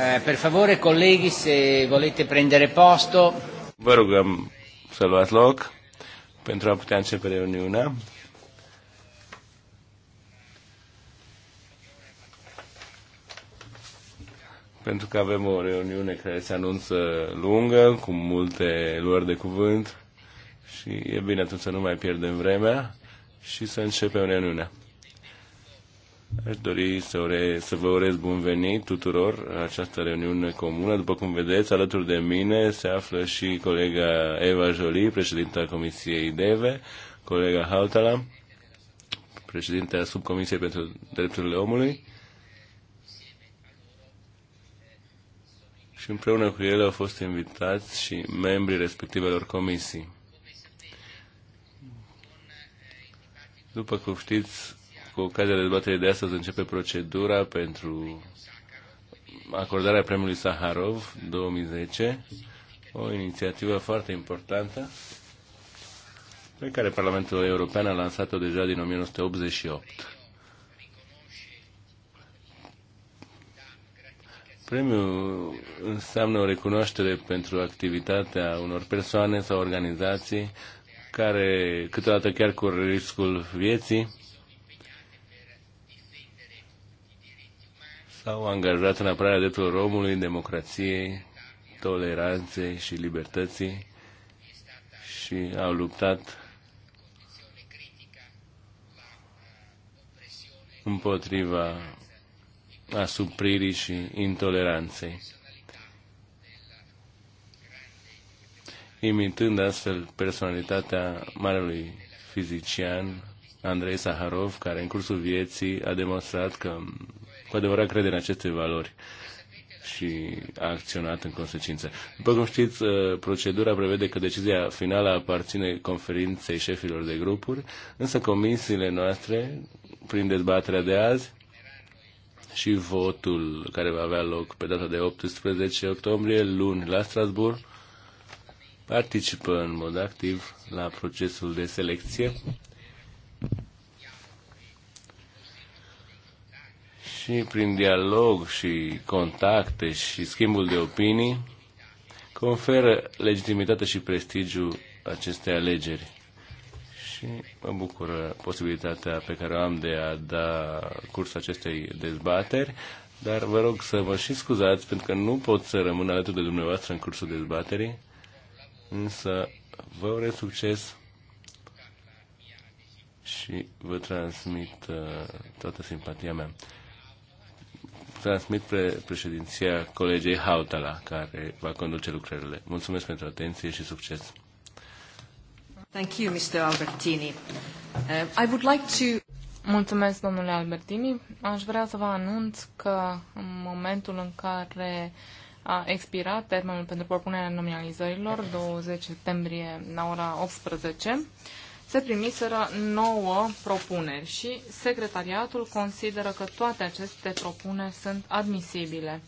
Eh, per favore, colleghi, se volete prendere posto. Vă rugăm să luați loc pentru a putea începe reuniunea. Pentru că avem o reuniune care se anunță lungă, cu multe luări de cuvânt și e bine atunci să nu mai pierdem vremea și să începem reuniunea. Aș dori să, ore, să vă urez bun venit tuturor la această reuniune comună. După cum vedeți, alături de mine se află și colega Eva Jolie, președinta Comisiei DEVE, colega Hautala, președintea Subcomisiei pentru Drepturile Omului. Și împreună cu ele au fost invitați și membrii respectivelor comisii. După cum știți, cu ocazia dezbaterii de astăzi începe procedura pentru acordarea premiului Saharov 2010, o inițiativă foarte importantă pe care Parlamentul European a lansat-o deja din 1988. Premiul înseamnă o recunoaștere pentru activitatea unor persoane sau organizații care, câteodată chiar cu riscul vieții, s-au angajat în apărarea drepturilor omului, democrației, toleranței și libertății și au luptat împotriva asupririi și intoleranței. Imitând astfel personalitatea marelui fizician Andrei Saharov, care în cursul vieții a demonstrat că cu adevărat crede în aceste valori și a acționat în consecință. După cum știți, uh, procedura prevede că decizia finală aparține conferinței șefilor de grupuri, însă comisiile noastre, prin dezbaterea de azi și votul care va avea loc pe data de 18 octombrie, luni, la Strasburg, participă în mod activ la procesul de selecție și prin dialog și contacte și schimbul de opinii conferă legitimitate și prestigiu acestei alegeri. Și mă bucură posibilitatea pe care o am de a da curs acestei dezbateri, dar vă rog să vă și scuzați pentru că nu pot să rămân alături de dumneavoastră în cursul dezbaterii, însă vă urez succes și vă transmit uh, toată simpatia mea transmit pre- președinția colegei Hautala, care va conduce lucrările. Mulțumesc pentru atenție și succes! Thank you, Mr. Albertini. Uh, I would like to... Mulțumesc, domnule Albertini. Aș vrea să vă anunț că în momentul în care a expirat termenul pentru propunerea nominalizărilor, 20 septembrie la ora 18, se primiseră nouă propuneri și secretariatul consideră că toate aceste propuneri sunt admisibile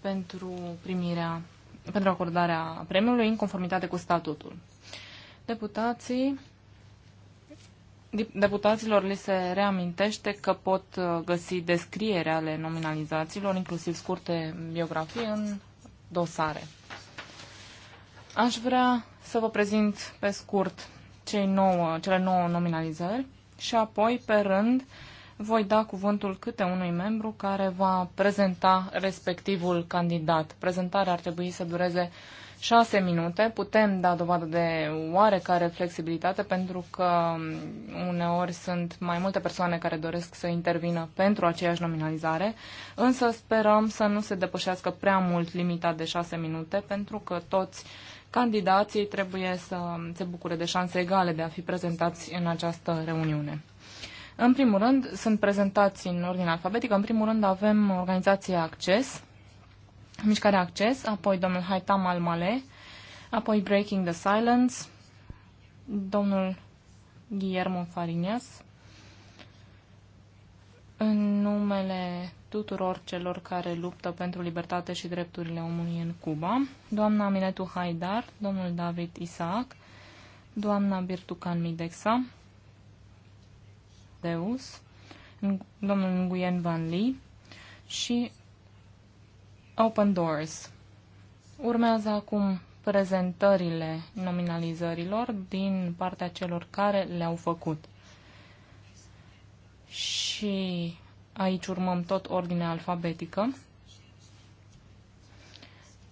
pentru primirea, pentru acordarea premiului în conformitate cu statutul. Deputații Deputaților li se reamintește că pot uh, găsi descriere ale nominalizațiilor, inclusiv scurte biografii, în dosare. Aș vrea să vă prezint pe scurt cei nouă, cele nouă nominalizări și apoi, pe rând, voi da cuvântul câte unui membru care va prezenta respectivul candidat. Prezentarea ar trebui să dureze șase minute. Putem da dovadă de oarecare flexibilitate pentru că um, uneori sunt mai multe persoane care doresc să intervină pentru aceeași nominalizare, însă sperăm să nu se depășească prea mult limita de șase minute pentru că toți candidații trebuie să se bucure de șanse egale de a fi prezentați în această reuniune. În primul rând, sunt prezentați în ordine alfabetică. În primul rând avem organizația Acces, Mișcarea Acces, apoi domnul Haitam Almale, apoi Breaking the Silence, domnul Guillermo Farinias, în numele tuturor celor care luptă pentru libertate și drepturile omului în Cuba, doamna Minetu Haidar, domnul David Isaac, doamna Birtucan Midexa, Deus, domnul Nguyen Van Lee și Open Doors. Urmează acum prezentările nominalizărilor din partea celor care le-au făcut. Și Aici urmăm tot ordinea alfabetică.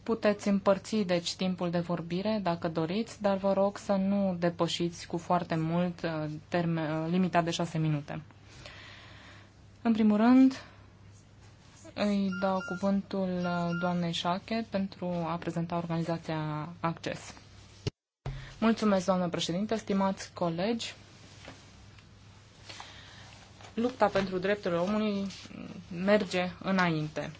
Puteți împărți, deci, timpul de vorbire, dacă doriți, dar vă rog să nu depășiți cu foarte mult uh, termen, uh, limita de șase minute. În primul rând, îi dau cuvântul uh, doamnei Șache pentru a prezenta organizația Acces. Mulțumesc, doamnă președinte, stimați colegi lupta pentru drepturile omului merge înainte.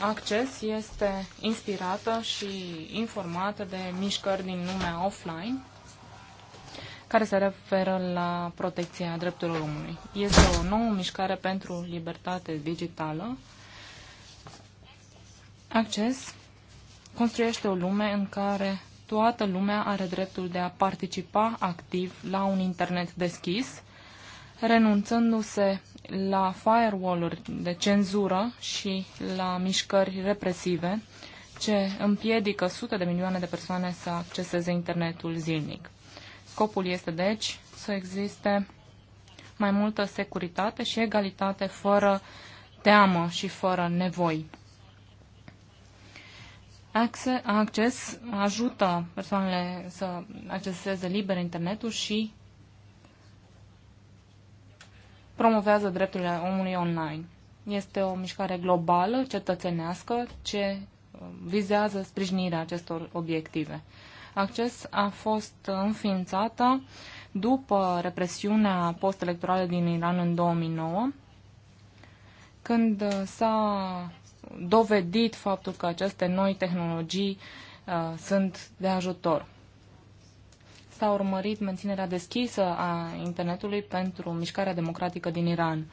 Acces este inspirată și informată de mișcări din lumea offline care se referă la protecția drepturilor omului. Este o nouă mișcare pentru libertate digitală. Acces construiește o lume în care toată lumea are dreptul de a participa activ la un internet deschis renunțându-se la firewall-uri de cenzură și la mișcări represive ce împiedică sute de milioane de persoane să acceseze internetul zilnic. Scopul este, deci, să existe mai multă securitate și egalitate fără teamă și fără nevoi. Acces ajută persoanele să acceseze liber internetul și promovează drepturile omului online. Este o mișcare globală, cetățenească, ce uh, vizează sprijinirea acestor obiective. Acces a fost înființată după represiunea postelectorală din Iran în 2009, când uh, s-a dovedit faptul că aceste noi tehnologii uh, sunt de ajutor aceasta a urmărit menținerea deschisă a internetului pentru mișcarea democratică din Iran.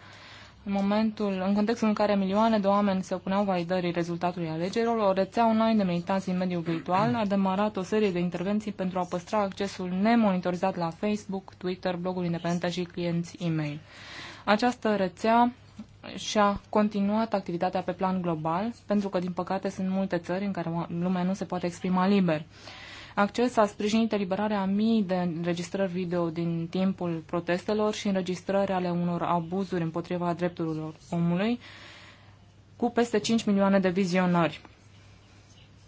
În momentul, în contextul în care milioane de oameni se opuneau validării rezultatului alegerilor, o rețea online de militanți din mediul virtual a demarat o serie de intervenții pentru a păstra accesul nemonitorizat la Facebook, Twitter, bloguri independente și clienți e-mail. Această rețea și-a continuat activitatea pe plan global, pentru că, din păcate, sunt multe țări în care lumea nu se poate exprima liber acces a sprijinit eliberarea a mii de înregistrări video din timpul protestelor și înregistrări ale unor abuzuri împotriva drepturilor omului, cu peste 5 milioane de vizionări.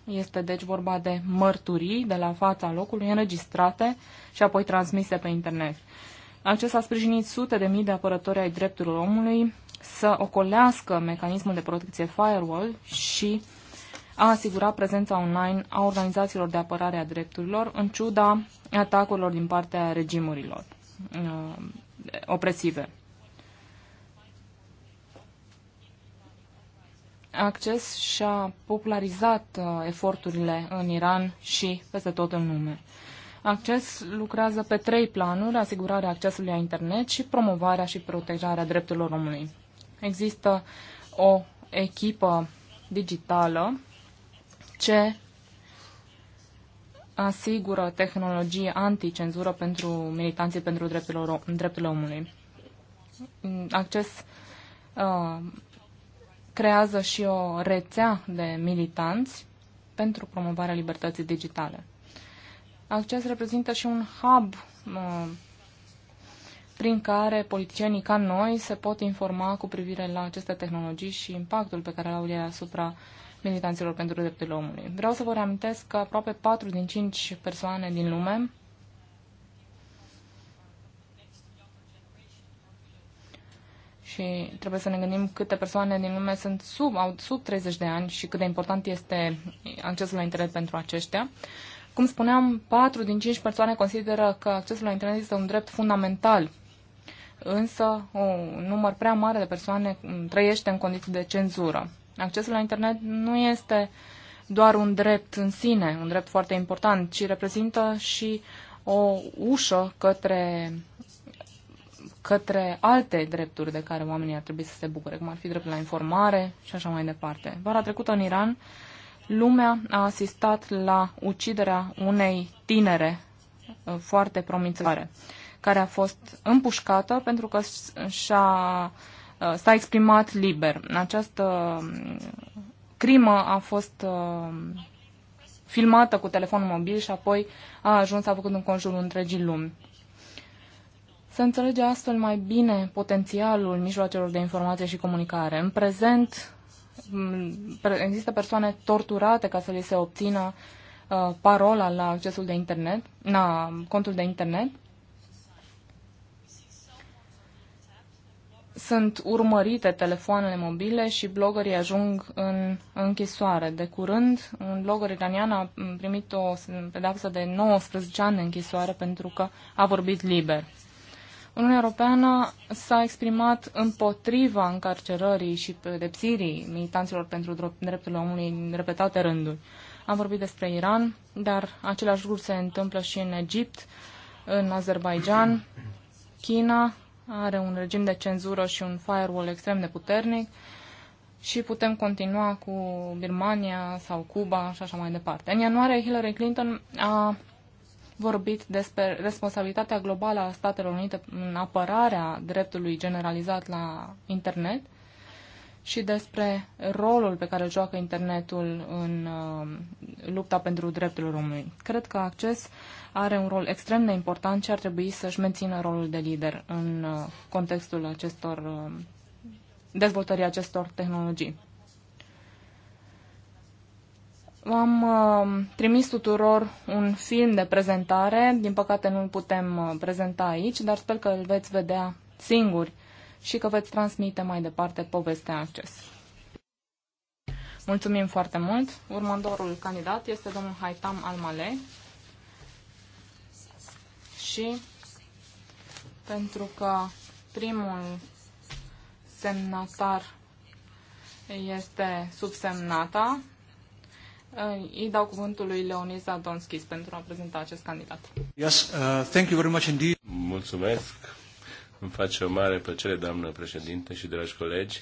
Este deci vorba de mărturii de la fața locului înregistrate și apoi transmise pe internet. Acesta a sprijinit sute de mii de apărători ai drepturilor omului să ocolească mecanismul de protecție firewall și a asigurat prezența online a organizațiilor de apărare a drepturilor, în ciuda atacurilor din partea regimurilor uh, opresive. Acces și-a popularizat uh, eforturile în Iran și peste tot în lume. Acces lucrează pe trei planuri, asigurarea accesului la internet și promovarea și protejarea drepturilor omului. Există o echipă digitală ce asigură tehnologie anticenzură pentru militanții pentru drepturile, drepturile omului. Acces uh, creează și o rețea de militanți pentru promovarea libertății digitale. Acces reprezintă și un hub uh, prin care politicienii ca noi se pot informa cu privire la aceste tehnologii și impactul pe care l-au ele asupra uh, militanților pentru drepturile omului. Vreau să vă reamintesc că aproape 4 din 5 persoane din lume și trebuie să ne gândim câte persoane din lume sunt sub, au sub 30 de ani și cât de important este accesul la internet pentru aceștia. Cum spuneam, 4 din 5 persoane consideră că accesul la internet este un drept fundamental, însă un număr prea mare de persoane trăiește în condiții de cenzură. Accesul la internet nu este doar un drept în sine, un drept foarte important, ci reprezintă și o ușă către, către alte drepturi de care oamenii ar trebui să se bucure, cum ar fi dreptul la informare și așa mai departe. Vara trecută în Iran, lumea a asistat la uciderea unei tinere uh, foarte promițătoare, care a fost împușcată pentru că și-a Uh, s-a exprimat liber. Această um, crimă a fost um, filmată cu telefonul mobil și apoi a ajuns, a făcut în conjurul întregii lumi. Se înțelege astfel mai bine potențialul mijloacelor de informație și comunicare. În prezent există persoane torturate ca să li se obțină uh, parola la accesul de internet, la contul de internet sunt urmărite telefoanele mobile și blogării ajung în închisoare. De curând, un blogger iranian a primit o pedapsă de 19 ani de închisoare pentru că a vorbit liber. Uniunea Europeană s-a exprimat împotriva încarcerării și pedepsirii militanților pentru drepturile omului în repetate rânduri. Am vorbit despre Iran, dar același lucru se întâmplă și în Egipt, în Azerbaijan, China, are un regim de cenzură și un firewall extrem de puternic și putem continua cu Birmania sau Cuba și așa mai departe. În ianuarie, Hillary Clinton a vorbit despre responsabilitatea globală a Statelor Unite în apărarea dreptului generalizat la internet – și despre rolul pe care îl joacă internetul în um, lupta pentru drepturile omului. Cred că acces are un rol extrem de important și ar trebui să-și mențină rolul de lider în uh, contextul acestor um, dezvoltării acestor tehnologii. Am uh, um, trimis tuturor un film de prezentare, din păcate nu-l putem uh, prezenta aici, dar sper că îl veți vedea singuri și că veți transmite mai departe povestea acces. Mulțumim foarte mult. Următorul candidat este domnul Haitam Almale și pentru că primul semnatar este subsemnata, îi dau cuvântul lui Leonisa Donskis pentru a prezenta acest candidat. Yes, uh, thank you very much indeed. Mulțumesc îmi face o mare plăcere, doamnă președinte și dragi colegi,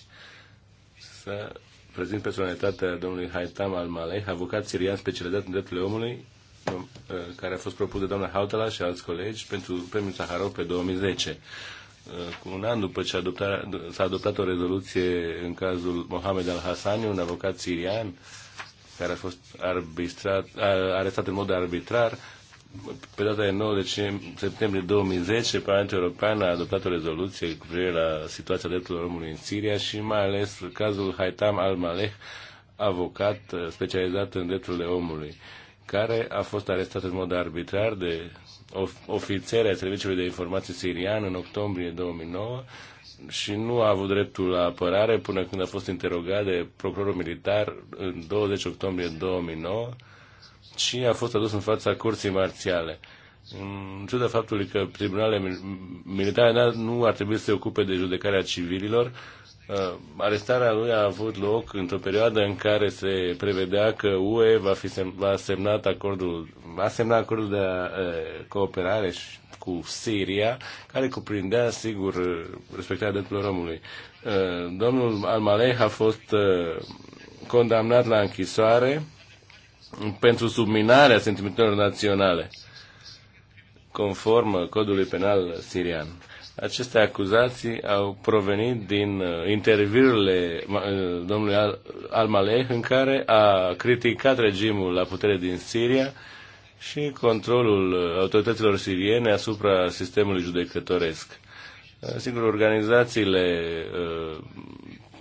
să prezint personalitatea domnului Haitam Al-Maleh, avocat sirian specializat în drepturile omului, uh, care a fost propus de doamna Hautala și alți colegi pentru premiul Saharov pe 2010. Uh, cu un an după ce s-a adoptat o rezoluție în cazul Mohamed Al-Hassani, un avocat sirian care a fost arbitrat, a, arestat în mod arbitrar pe data de 9 decembrie, septembrie 2010, Parlamentul European a adoptat o rezoluție cu privire la situația drepturilor omului în Siria și mai ales cazul Haitam al-Malek, avocat uh, specializat în drepturile omului, care a fost arestat în mod arbitrar de of- ofițeri ai Serviciului de Informații Sirian în octombrie 2009 și nu a avut dreptul la apărare până când a fost interogat de procurorul militar în 20 octombrie 2009 și a fost adus în fața curții marțiale. În ciuda faptului că tribunalele militare nu ar trebui să se ocupe de judecarea civililor, uh, arestarea lui a avut loc într-o perioadă în care se prevedea că UE va, fi sem- va, semnat acordul, va semna acordul de uh, cooperare cu Siria, care cuprindea, sigur, uh, respectarea drepturilor omului. Uh, domnul maleh a fost uh, condamnat la închisoare pentru subminarea sentimentelor naționale, conform codului penal sirian. Aceste acuzații au provenit din uh, interviurile uh, domnului Al-Maleh, în care a criticat regimul la putere din Siria și controlul uh, autorităților siriene asupra sistemului judecătoresc. Sigur, organizațiile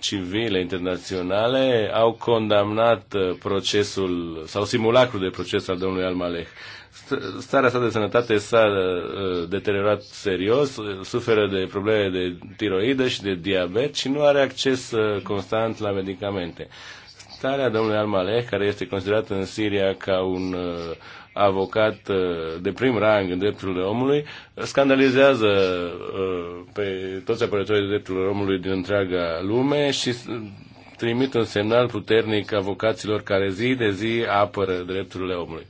civile internaționale au condamnat uh, procesul sau simulacrul de proces al domnului al Starea sa de sănătate s-a uh, deteriorat serios, uh, suferă de probleme de tiroidă și de diabet și nu are acces constant la medicamente. Starea domnului al care este considerat în Siria ca un uh, avocat uh, de prim rang în drepturile omului, scandalizează uh, pe toți apărătorii de drepturile omului din întreaga lume și uh, trimit un semnal puternic avocaților care zi de zi apără drepturile omului.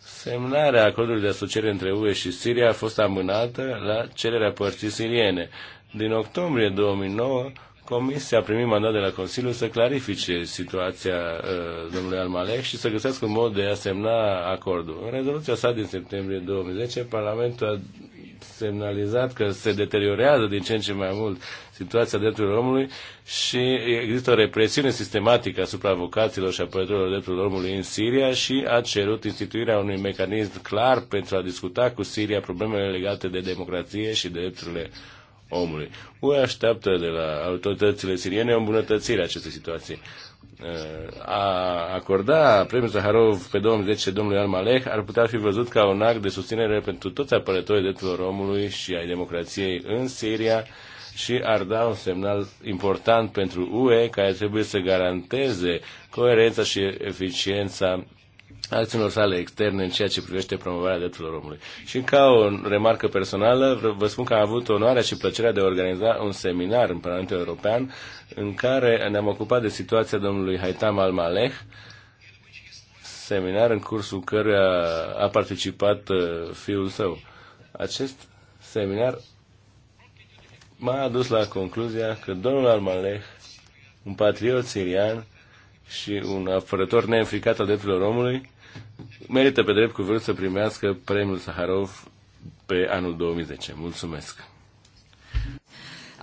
Semnarea acordului de asociere între UE și Siria a fost amânată la cererea părții siriene. Din octombrie 2009, Comisia primit mandat de la Consiliu să clarifice situația uh, domnului Almalek și să găsească un mod de a semna acordul. În rezoluția sa din septembrie 2010, Parlamentul a semnalizat că se deteriorează din ce în ce mai mult situația drepturilor omului și există o represiune sistematică asupra avocaților și apărătorilor drepturilor omului în Siria și a cerut instituirea unui mecanism clar pentru a discuta cu Siria problemele legate de democrație și de drepturile omului. UE așteaptă de la autoritățile siriene o îmbunătățire a acestei situații. Uh, a acorda premiul Zaharov pe 2010 domnului Al-Malek ar putea fi văzut ca un act de susținere pentru toți apărătorii drepturilor omului și ai democrației în Siria și ar da un semnal important pentru UE care trebuie să garanteze coerența și eficiența acțiunilor sale externe în ceea ce privește promovarea drepturilor omului. Și ca o remarcă personală, vă spun că am avut onoarea și plăcerea de a organiza un seminar în Parlamentul European în care ne-am ocupat de situația domnului Haitam al maleh seminar în cursul căruia a participat uh, fiul său. Acest seminar m-a adus la concluzia că domnul Al al-Maleh, un patriot sirian și un apărător neînfricat al drepturilor omului, merită pe drept cuvânt să primească premiul Saharov pe anul 2010. Mulțumesc!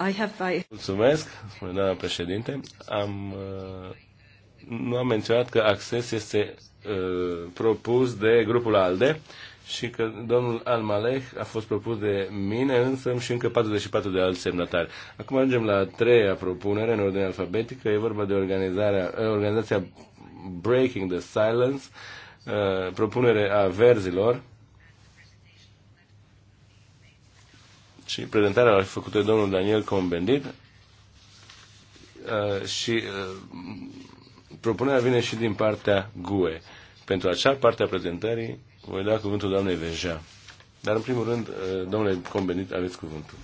I have Mulțumesc, spune doamna președinte. Am, uh, nu am menționat că acces este uh, propus de grupul ALDE și că domnul Almaleh a fost propus de mine însă și încă 44 de alți semnatari. Acum ajungem la a treia propunere în ordine alfabetică. E vorba de organizarea, uh, organizația Breaking the Silence, uh, Uh, propunere a verzilor și prezentarea a făcută de domnul Daniel Combendit uh, și uh, propunerea vine și din partea GUE. Pentru acea parte a prezentării voi da cuvântul doamnei Veja. Dar în primul rând, domnule Combendit, aveți cuvântul.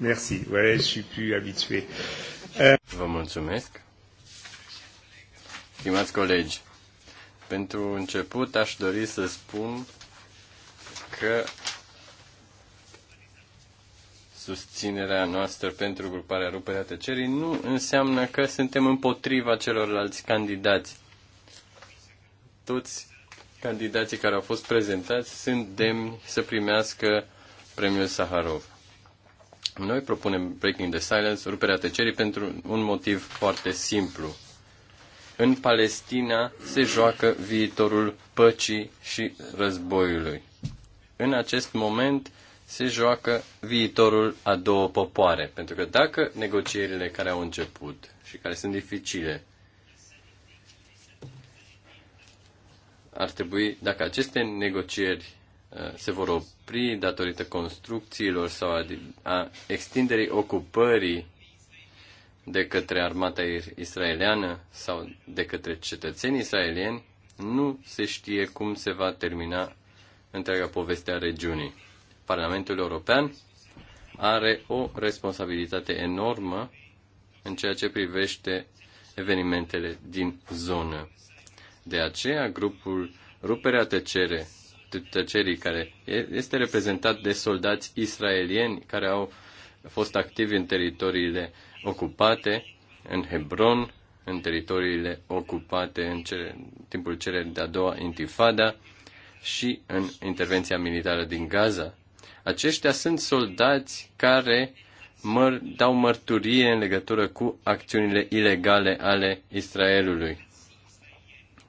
Merci. Ouais, je suis plus habitué. Euh, Vă mulțumesc. Stimați colegi, pentru început aș dori să spun că susținerea noastră pentru gruparea ruperea tăcerii nu înseamnă că suntem împotriva celorlalți candidați. Toți candidații care au fost prezentați sunt demni să primească premiul Saharov. Noi propunem Breaking the Silence, ruperea tăcerii, pentru un motiv foarte simplu. În Palestina se joacă viitorul păcii și războiului. În acest moment se joacă viitorul a două popoare, pentru că dacă negocierile care au început și care sunt dificile ar trebui, dacă aceste negocieri Eh, se vor opri datorită construcțiilor sau a extinderii ocupării de către armata israeliană sau de către cetățenii israelieni, nu se știe cum se va termina întreaga poveste a regiunii. Parlamentul European are o responsabilitate enormă în ceea ce privește evenimentele din zonă. De aceea, grupul Ruperea Tăcere tăcerii, care este reprezentat de soldați israelieni care au fost activi în teritoriile ocupate, în Hebron, în teritoriile ocupate în cele, timpul celei de-a doua intifada și în intervenția militară din Gaza. Aceștia sunt soldați care măr- dau mărturie în legătură cu acțiunile ilegale ale Israelului.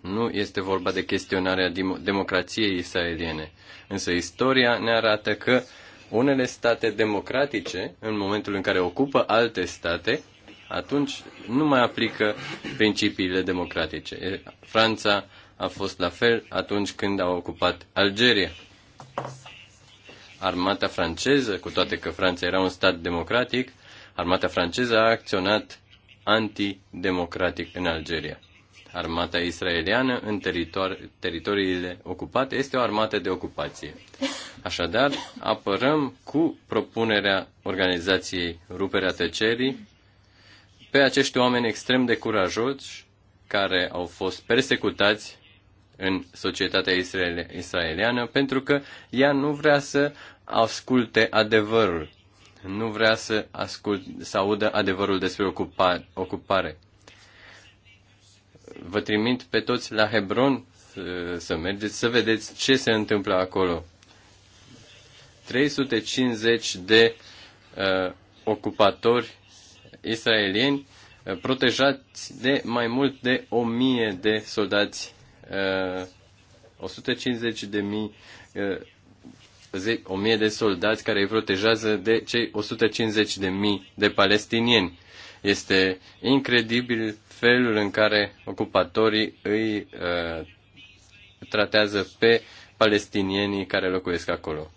Nu este vorba de chestionarea democrației israeliene. Însă istoria ne arată că unele state democratice, în momentul în care ocupă alte state, atunci nu mai aplică principiile democratice. Franța a fost la fel atunci când a ocupat Algeria. Armata franceză, cu toate că Franța era un stat democratic, armata franceză a acționat antidemocratic în Algeria armata israeliană în teritori- teritoriile ocupate este o armată de ocupație. Așadar, apărăm cu propunerea organizației Ruperea Tăcerii pe acești oameni extrem de curajoși care au fost persecutați în societatea israeliană pentru că ea nu vrea să asculte adevărul, nu vrea să, ascult, să audă adevărul despre ocupa, ocupare vă trimit pe toți la Hebron să mergeți, să vedeți ce se întâmplă acolo. 350 de uh, ocupatori israelieni uh, protejați de mai mult de 1000 de soldați, uh, 150 de mii, uh, zi, 1000 de soldați care îi protejează de cei 150 de mii de palestinieni. Este incredibil felul în care ocupatorii îi uh, tratează pe palestinienii care locuiesc acolo.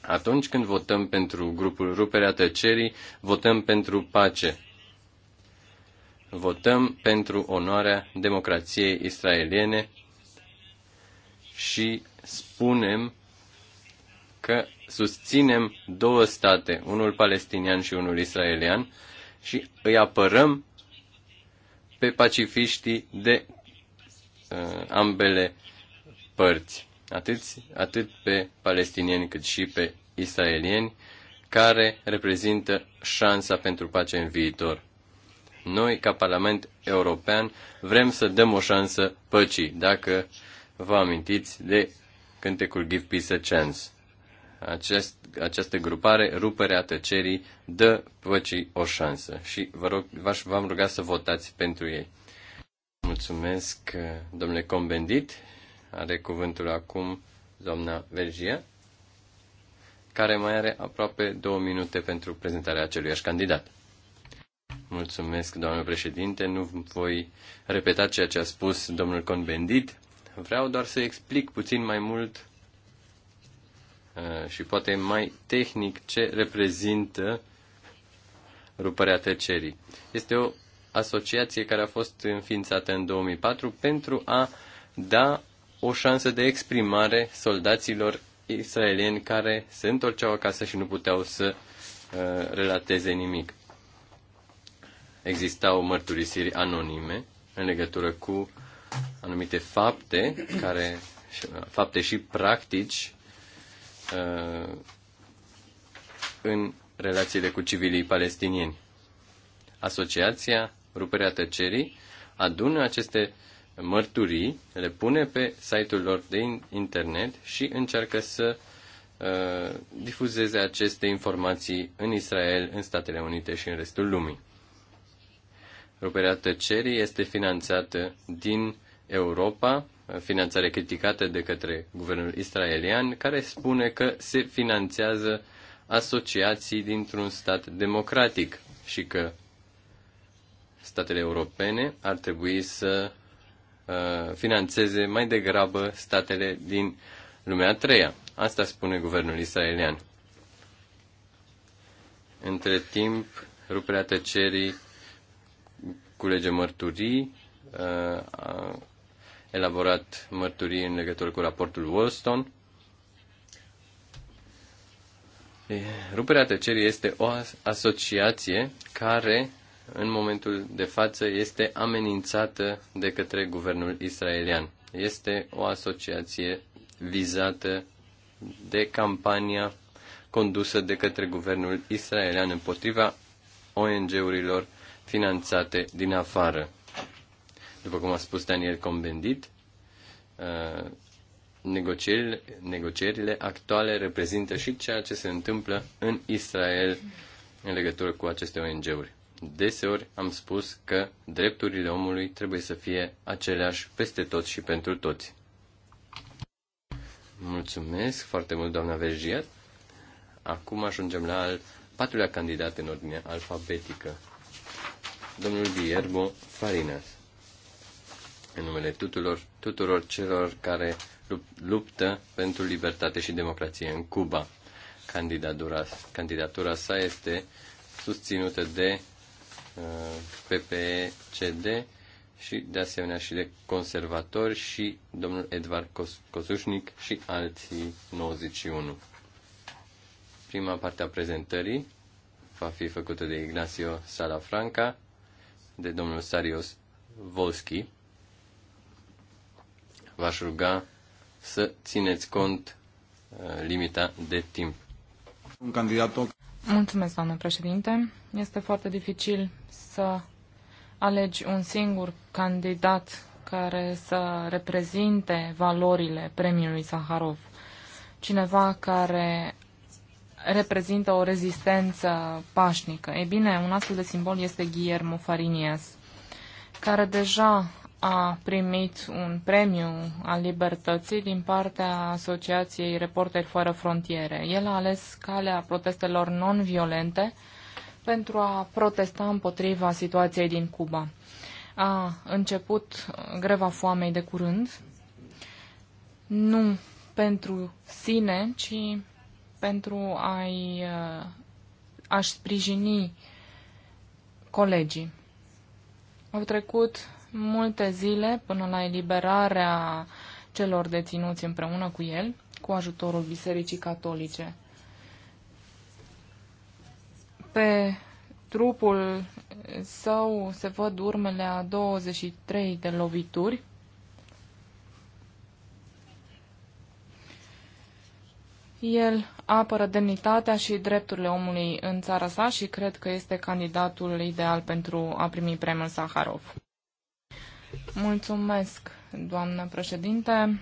Atunci când votăm pentru grupul Ruperea Tăcerii, votăm pentru pace. Votăm pentru onoarea democrației israeliene și spunem că susținem două state, unul palestinian și unul israelian, și îi apărăm pe pacifiștii de uh, ambele părți, atât, atât pe palestinieni cât și pe israelieni, care reprezintă șansa pentru pace în viitor. Noi, ca Parlament European, vrem să dăm o șansă păcii, dacă vă amintiți de cântecul Give Peace a Chance acest, această grupare, ruperea tăcerii, dă păcii o șansă. Și vă rog, v-am rugat să votați pentru ei. Mulțumesc, domnule Combendit. Are cuvântul acum doamna Vergia, care mai are aproape două minute pentru prezentarea aceluiași candidat. Mulțumesc, doamnă președinte. Nu voi repeta ceea ce a spus domnul Conbendit. Vreau doar să explic puțin mai mult Uh, și poate mai tehnic ce reprezintă ruperea tăcerii. Este o asociație care a fost înființată în 2004 pentru a da o șansă de exprimare soldaților israelieni care se întorceau acasă și nu puteau să uh, relateze nimic. Existau mărturisiri anonime în legătură cu anumite fapte care uh, fapte și practici Uh, în relațiile cu civilii palestinieni. Asociația Ruperea Tăcerii adună aceste mărturii, le pune pe site-ul lor de internet și încearcă să uh, difuzeze aceste informații în Israel, în Statele Unite și în restul lumii. Ruperea Tăcerii este finanțată din Europa finanțare criticată de către guvernul israelian, care spune că se finanțează asociații dintr-un stat democratic și că statele europene ar trebui să uh, finanțeze mai degrabă statele din lumea a treia. Asta spune guvernul israelian. Între timp, ruperea tăcerii culege mărturii, uh, elaborat mărturii în legătură cu raportul Wollstone. Ruperea tăcerii este o asociație care, în momentul de față, este amenințată de către guvernul israelian. Este o asociație vizată de campania condusă de către guvernul israelian împotriva ONG-urilor finanțate din afară. După cum a spus Daniel Combendit, uh, negocierile, negocierile actuale reprezintă și ceea ce se întâmplă în Israel în legătură cu aceste ONG-uri. Deseori am spus că drepturile omului trebuie să fie aceleași peste tot și pentru toți. Mulțumesc foarte mult, doamna Vergiat. Acum ajungem la al patrulea candidat în ordine alfabetică, domnul Vierbo Farinas în numele tuturor, tuturor celor care luptă pentru libertate și democrație în Cuba. Candidatura, candidatura sa este susținută de uh, PPCD și de asemenea și de conservatori și domnul Edvard Cosușnic și alții 91. Prima parte a prezentării va fi făcută de Ignacio Salafranca, de domnul Sarios Volski v-aș ruga să țineți cont uh, limita de timp. Un candidat. Mulțumesc, doamnă președinte. Este foarte dificil să alegi un singur candidat care să reprezinte valorile premiului Saharov. Cineva care reprezintă o rezistență pașnică. Ei bine, un astfel de simbol este Guillermo Farinias, care deja a primit un premiu al libertății din partea Asociației Reporteri Fără Frontiere. El a ales calea protestelor non-violente pentru a protesta împotriva situației din Cuba. A început greva foamei de curând, nu pentru sine, ci pentru a-i, a-și sprijini colegii. Au trecut multe zile până la eliberarea celor deținuți împreună cu el, cu ajutorul Bisericii Catolice. Pe trupul său se văd urmele a 23 de lovituri. El apără demnitatea și drepturile omului în țara sa și cred că este candidatul ideal pentru a primi premiul Saharov. Mulțumesc, doamnă președinte.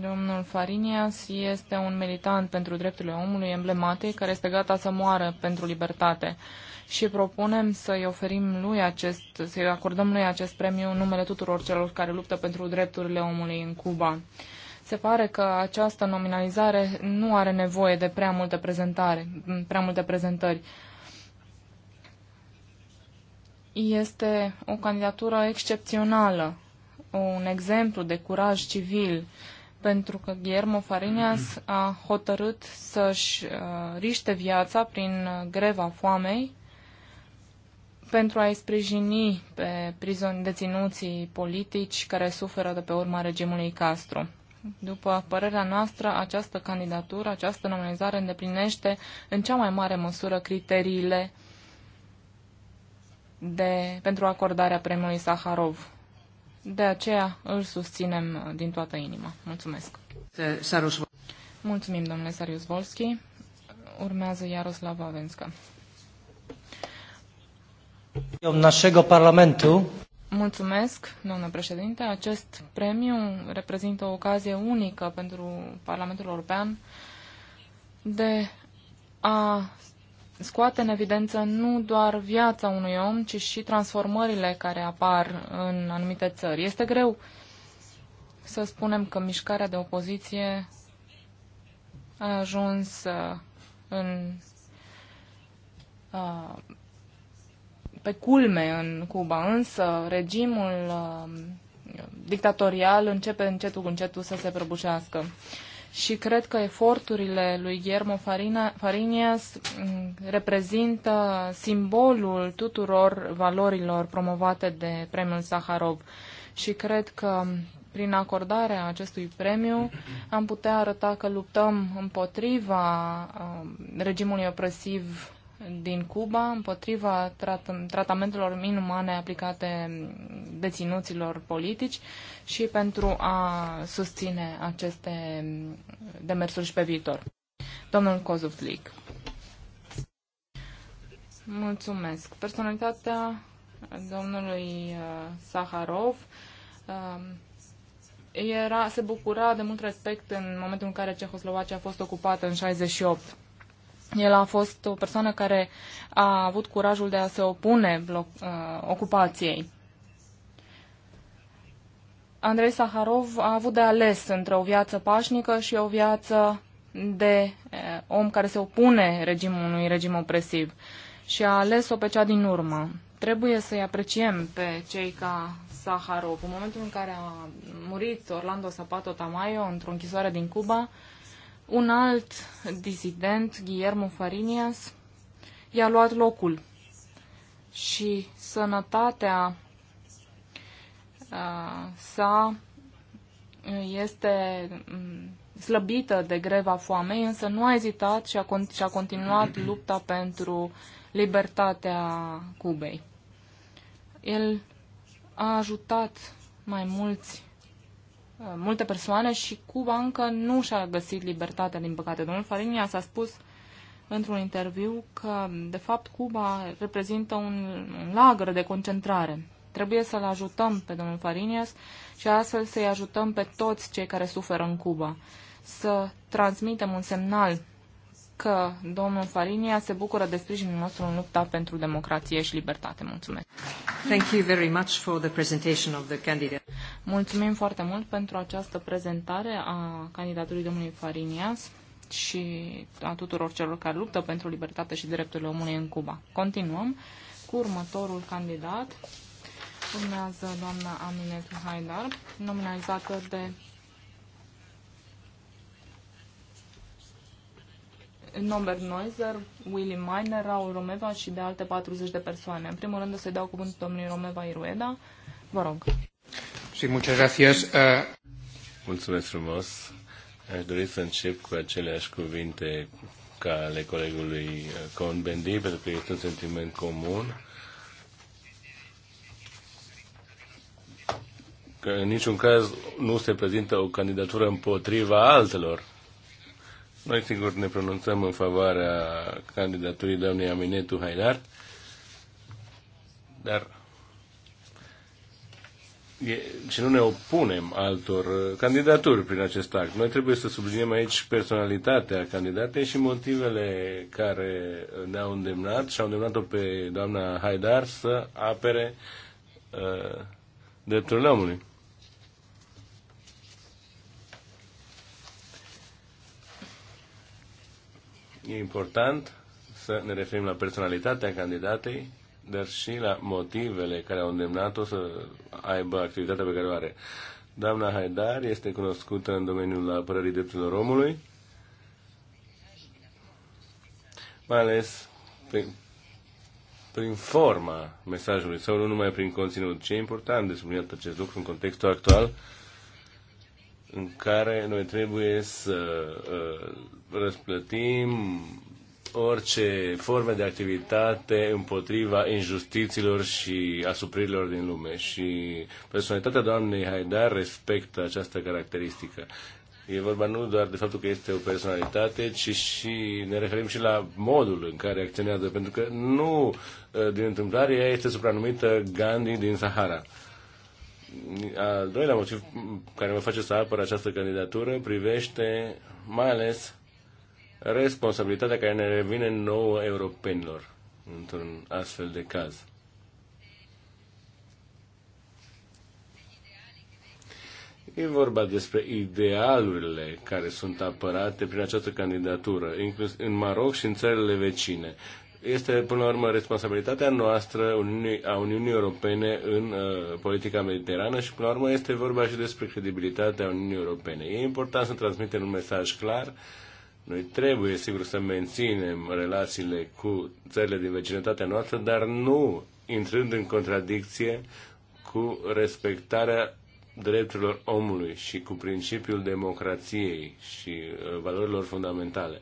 Domnul Farinias este un militant pentru drepturile omului emblematic care este gata să moară pentru libertate și propunem să-i oferim lui acest, să-i acordăm lui acest premiu în numele tuturor celor care luptă pentru drepturile omului în Cuba. Se pare că această nominalizare nu are nevoie de prea multe prezentare, prea multe prezentări. Este o candidatură excepțională, un exemplu de curaj civil, pentru că Guillermo Farinas a hotărât să-și uh, riște viața prin uh, greva foamei pentru a-i sprijini pe prizon deținuții politici care suferă de pe urma regimului Castro. După părerea noastră, această candidatură, această nominalizare îndeplinește în cea mai mare măsură criteriile uh, de, pentru acordarea premiului Saharov. De aceea îl susținem din toată inima. Mulțumesc. Mulțumim, domnule Sarius Volski. Urmează Iaroslava Avenska. parlamentu. Mulțumesc, doamnă președinte. Acest premiu reprezintă o ocazie unică pentru Parlamentul European de a scoate în evidență nu doar viața unui om, ci și transformările care apar în anumite țări. Este greu să spunem că mișcarea de opoziție a ajuns uh, în, uh, pe culme în Cuba, însă regimul uh, dictatorial începe încetul cu încetul să se prăbușească și cred că eforturile lui Guillermo Farina, Farinias mm, reprezintă simbolul tuturor valorilor promovate de premiul Saharov și cred că prin acordarea acestui premiu am putea arăta că luptăm împotriva um, regimului opresiv din Cuba împotriva trat- tratamentelor inumane aplicate deținuților politici și pentru a susține aceste demersuri și pe viitor. Domnul Kozuflik. Mulțumesc. Personalitatea domnului uh, Saharov um, era, se bucura de mult respect în momentul în care Cehoslovacia a fost ocupată în 68 el a fost o persoană care a avut curajul de a se opune bloc, uh, ocupației. Andrei Saharov a avut de ales între o viață pașnică și o viață de uh, om care se opune regimului, regim opresiv și a ales-o pe cea din urmă. Trebuie să-i apreciem pe cei ca Saharov. În momentul în care a murit Orlando Sapato Tamayo într-o închisoare din Cuba, un alt dizident, Guillermo Farinias, i-a luat locul și sănătatea uh, sa este mm, slăbită de greva foamei, însă nu a ezitat și a, con- și a continuat lupta pentru libertatea Cubei. El a ajutat mai mulți Uh, multe persoane și Cuba încă nu și-a găsit libertatea, din păcate. Domnul Farinia s-a spus într-un interviu că, de fapt, Cuba reprezintă un, un lagăr de concentrare. Trebuie să-l ajutăm pe domnul Farinias și astfel să-i ajutăm pe toți cei care suferă în Cuba. Să transmitem un semnal că domnul Farinia se bucură de sprijinul nostru în lupta pentru democrație și libertate. Mulțumesc. Thank you very much for the presentation of the candidate. Mulțumim foarte mult pentru această prezentare a candidatului domnului Farinias și a tuturor celor care luptă pentru libertate și drepturile omului în Cuba. Continuăm cu următorul candidat. Urmează doamna Aminetu Haidar, nominalizată de Norbert Neuser, Willy Miner, Raul Romeva și de alte 40 de persoane. În primul rând să-i dau cuvântul domnului Romeva Irueda. Vă rog. Și muchas gracias. Eh, Mulțumesc frumos. Aș dori să încep cu aceleași cuvinte ca ale colegului eh, Con Bendy, pentru că este un sentiment comun. Că în niciun caz nu se prezintă o candidatură împotriva altelor noi, sigur, ne pronunțăm în favoarea candidaturii doamnei Aminetu Haidar, dar e, și nu ne opunem altor uh, candidaturi prin acest act. Noi trebuie să subliniem aici personalitatea candidatei și motivele care ne-au îndemnat și au îndemnat-o pe doamna Haidar să apere uh, drepturile omului. E important să ne referim la personalitatea candidatei, dar și la motivele care au îndemnat-o să aibă activitatea pe care o are. Doamna Haidar este cunoscută în domeniul apărării drepturilor omului, mai ales prin, prin forma mesajului său, nu numai prin conținut. Ce e important de subliniat acest lucru în contextul actual în care noi trebuie să uh, răsplătim orice forme de activitate împotriva injustițiilor și asupririlor din lume. Și personalitatea doamnei Haidar respectă această caracteristică. E vorba nu doar de faptul că este o personalitate, ci și ne referim și la modul în care acționează, pentru că nu uh, din întâmplare ea este supranumită Gandhi din Sahara. Uh, al doilea motiv care mă face să apăr această candidatură privește mai ales responsabilitatea care ne revine nouă europenilor într-un astfel de caz. E vorba despre idealurile care sunt apărate prin această candidatură, inclus în Maroc și în țările vecine este până la urmă responsabilitatea noastră a Uniunii Europene în uh, politica mediterană și până la urmă este vorba și despre credibilitatea Uniunii Europene. E important să transmitem un mesaj clar. Noi trebuie, sigur, să menținem relațiile cu țările din vecinătatea noastră, dar nu intrând în contradicție cu respectarea drepturilor omului și cu principiul democrației și uh, valorilor fundamentale.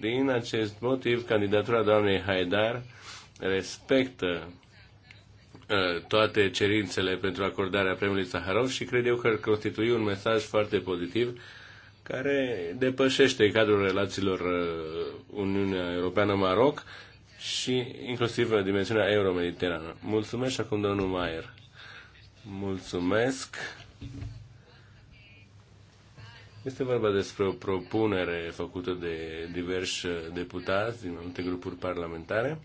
Din acest motiv, candidatura doamnei Haidar respectă uh, toate cerințele pentru acordarea premiului Saharov și cred eu că ar constitui un mesaj foarte pozitiv care depășește cadrul relațiilor uh, Uniunea Europeană-Maroc și inclusiv dimensiunea euro-mediterană. Mulțumesc acum domnul Maier. Mulțumesc. Este vorba despre o propunere făcută de diversi deputați din multe grupuri parlamentare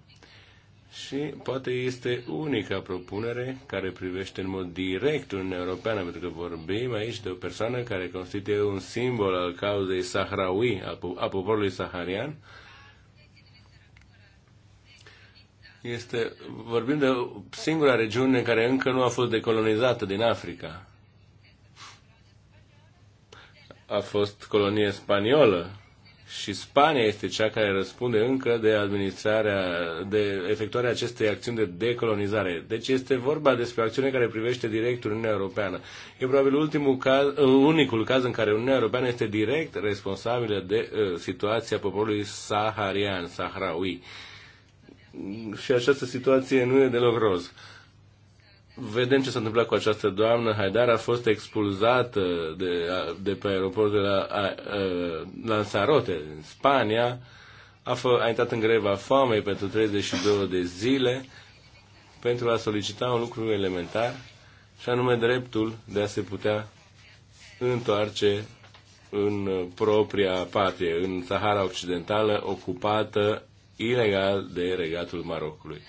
și poate este unica propunere care privește în mod direct Uniunea Europeană, pentru că vorbim aici de o persoană care constituie un simbol al cauzei sahrawi, a poporului saharian. Este, vorbim de o singura regiune care încă nu a fost decolonizată din Africa a fost colonie spaniolă și Spania este cea care răspunde încă de administrarea, de efectuarea acestei acțiuni de decolonizare. Deci este vorba despre o acțiune care privește direct Uniunea Europeană. E probabil ultimul caz, unicul caz în care Uniunea Europeană este direct responsabilă de uh, situația poporului saharian, sahraui. Și această situație nu e deloc roz. Uh, vedem ce s-a întâmplat cu această doamnă. Haidar a fost expulzată uh, de, de pe aeroportul de la a, Lanzarote, în Spania. A, fă, a intrat în greva foamei pentru 32 de zile pentru a solicita un lucru elementar și anume dreptul de a se putea întoarce în propria patrie, în Sahara Occidentală, ocupată ilegal de regatul Marocului.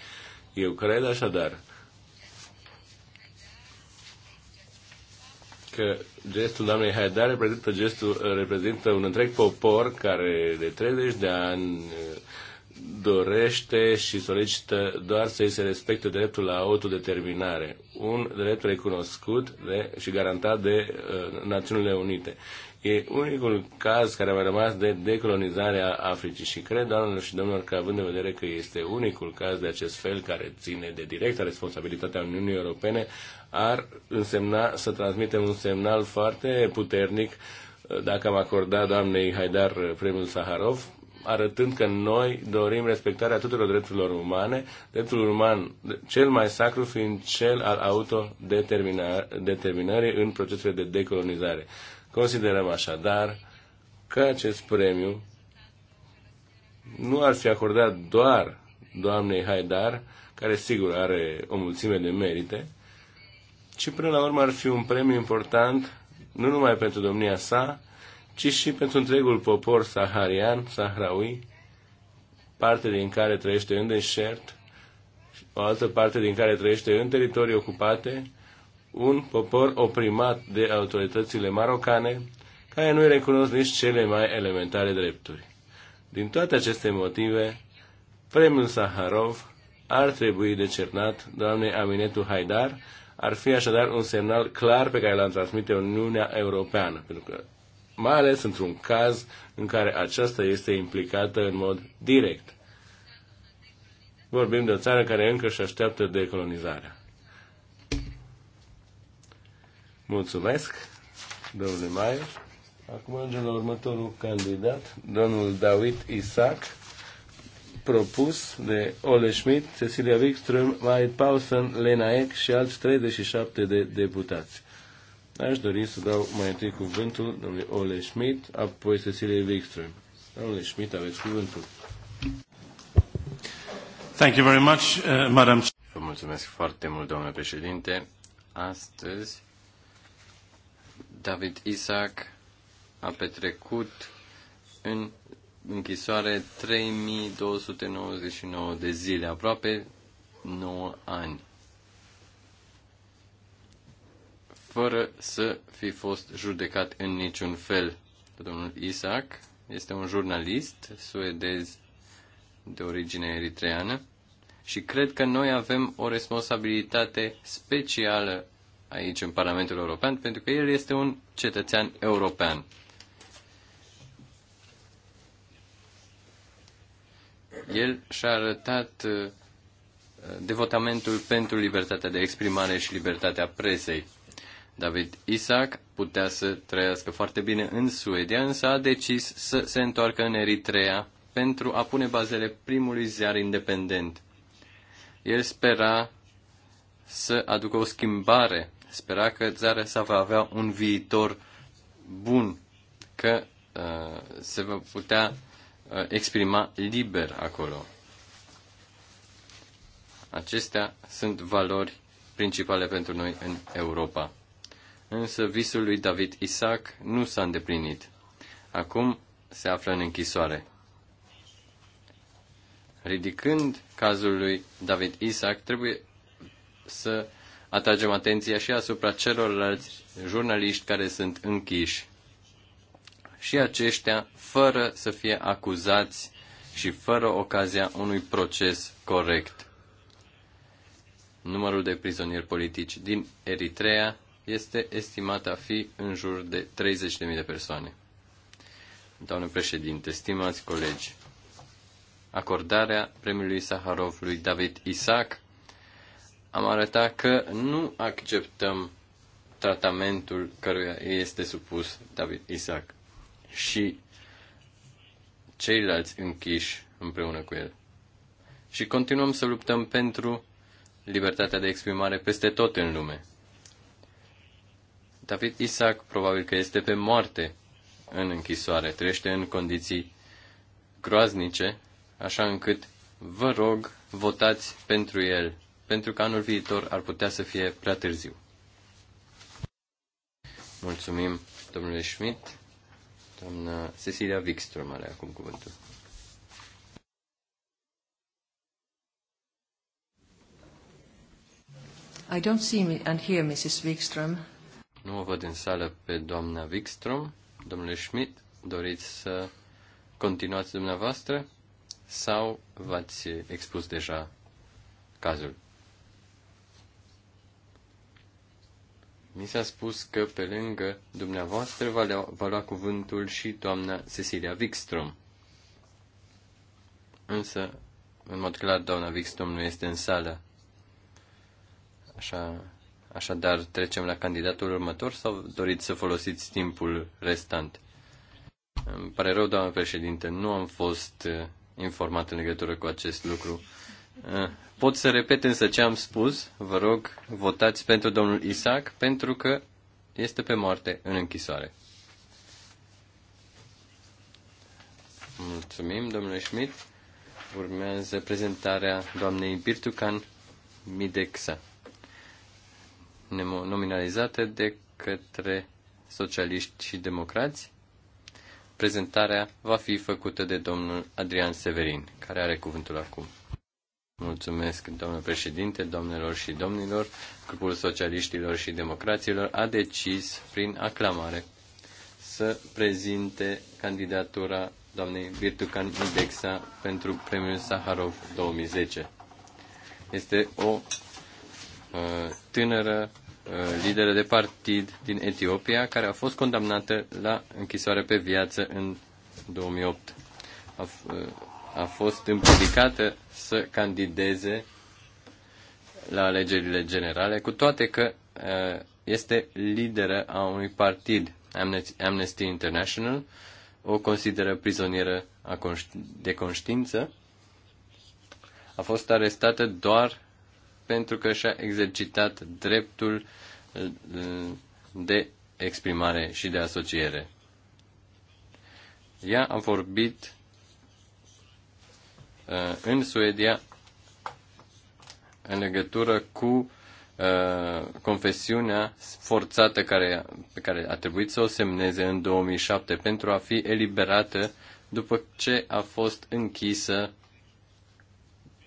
Eu cred așadar că gestul doamnei Haidar reprezintă, gestul, uh, reprezintă un întreg popor care de 30 de ani uh, dorește și solicită doar să-i se respecte dreptul la autodeterminare, un drept recunoscut de, și garantat de uh, Națiunile Unite. E unicul caz care a rămas de decolonizare a Africii și cred, doamnelor și domnilor, că având în vedere că este unicul caz de acest fel care ține de directa responsabilitatea Uniunii Europene, ar însemna să transmitem un semnal foarte puternic dacă am acordat doamnei Haidar premiul Saharov, arătând că noi dorim respectarea tuturor drepturilor umane, dreptul uman cel mai sacru fiind cel al autodeterminării în procesele de decolonizare. Considerăm așadar că acest premiu nu ar fi acordat doar doamnei Haidar, care sigur are o mulțime de merite, ci până la urmă ar fi un premiu important nu numai pentru domnia sa, ci și pentru întregul popor saharian, sahraui, parte din care trăiește în deșert, o altă parte din care trăiește în teritorii ocupate un popor oprimat de autoritățile marocane, care nu-i recunosc nici cele mai elementare drepturi. Din toate aceste motive, premiul Saharov ar trebui decernat doamnei Aminetu Haidar, ar fi așadar un semnal clar pe care l-am transmite Uniunea Europeană, pentru că mai ales într-un caz în care aceasta este implicată în mod direct. Vorbim de o țară care încă își așteaptă decolonizarea. Mulțumesc, domnule Maier. Acum ajungem la următorul candidat, domnul David Isaac, propus de Ole Schmidt, Cecilia Wikström, Maier Paulsen, Lena Eck și alți 37 de deputați. Aș dori să dau mai întâi cuvântul domnului Ole Schmidt, apoi Cecilia Wikström. Domnule Schmidt, aveți cuvântul. Thank you very much, uh, Madam. Vă mulțumesc foarte mult, domnule președinte. Astăzi David Isaac a petrecut în închisoare 3299 de zile, aproape 9 ani, fără să fi fost judecat în niciun fel. Domnul Isaac este un jurnalist suedez de origine eritreană și cred că noi avem o responsabilitate specială aici în Parlamentul European, pentru că el este un cetățean european. El și-a arătat uh, devotamentul pentru libertatea de exprimare și libertatea presei. David Isaac putea să trăiască foarte bine în Suedia, însă a decis să se întoarcă în Eritrea pentru a pune bazele primului ziar independent. El spera să aducă o schimbare spera că țara sa va avea un viitor bun, că uh, se va putea uh, exprima liber acolo. Acestea sunt valori principale pentru noi în Europa. Însă visul lui David Isaac nu s-a îndeplinit. Acum se află în închisoare. Ridicând cazul lui David Isaac, trebuie să atragem atenția și asupra celorlalți jurnaliști care sunt închiși. Și aceștia, fără să fie acuzați și fără ocazia unui proces corect. Numărul de prizonieri politici din Eritrea este estimat a fi în jur de 30.000 de persoane. Doamne președinte, stimați colegi, acordarea premiului Saharov lui David Isaac am arătat că nu acceptăm tratamentul căruia este supus David Isaac și ceilalți închiși împreună cu el. Și continuăm să luptăm pentru libertatea de exprimare peste tot în lume. David Isaac probabil că este pe moarte în închisoare, trăiește în condiții groaznice, așa încât vă rog, votați pentru el pentru că anul viitor ar putea să fie prea târziu. Mulțumim, domnule Schmidt. Doamna Cecilia Wikström are acum cuvântul. I don't see and hear Mrs. Wikström. Nu o văd în sală pe doamna Wikström. Domnule Schmidt, doriți să continuați dumneavoastră sau v-ați expus deja cazul? Mi s-a spus că pe lângă dumneavoastră va lua, va lua cuvântul și doamna Cecilia Wikstrom. Însă, în mod clar, doamna Wikstrom nu este în sală. Așa, așadar, trecem la candidatul următor sau doriți să folosiți timpul restant? Îmi pare rău, doamnă președinte, nu am fost eh, informat în legătură cu acest lucru. Eh, pot să repet însă ce am spus. Vă rog, votați pentru domnul Isaac, pentru că este pe moarte în închisoare. Mulțumim, domnule Schmidt. Urmează prezentarea doamnei Birtucan Midexa, nominalizată de către socialiști și democrați. Prezentarea va fi făcută de domnul Adrian Severin, care are cuvântul acum. Mulțumesc, domnule președinte, domnilor și domnilor. Grupul Socialiștilor și Democraților a decis, prin aclamare, să prezinte candidatura doamnei Virtucan Indexa pentru Premiul Saharov 2010. Este o uh, tânără uh, lideră de partid din Etiopia, care a fost condamnată la închisoare pe viață în 2008. A, uh, a fost împiedicată să candideze la alegerile generale, cu toate că uh, este lideră a unui partid, Amnesty International, o consideră prizonieră de conștiință. A fost arestată doar pentru că și-a exercitat dreptul uh, de exprimare și de asociere. Ea a vorbit în Suedia în legătură cu uh, confesiunea forțată care, pe care a trebuit să o semneze în 2007 pentru a fi eliberată după ce a fost închisă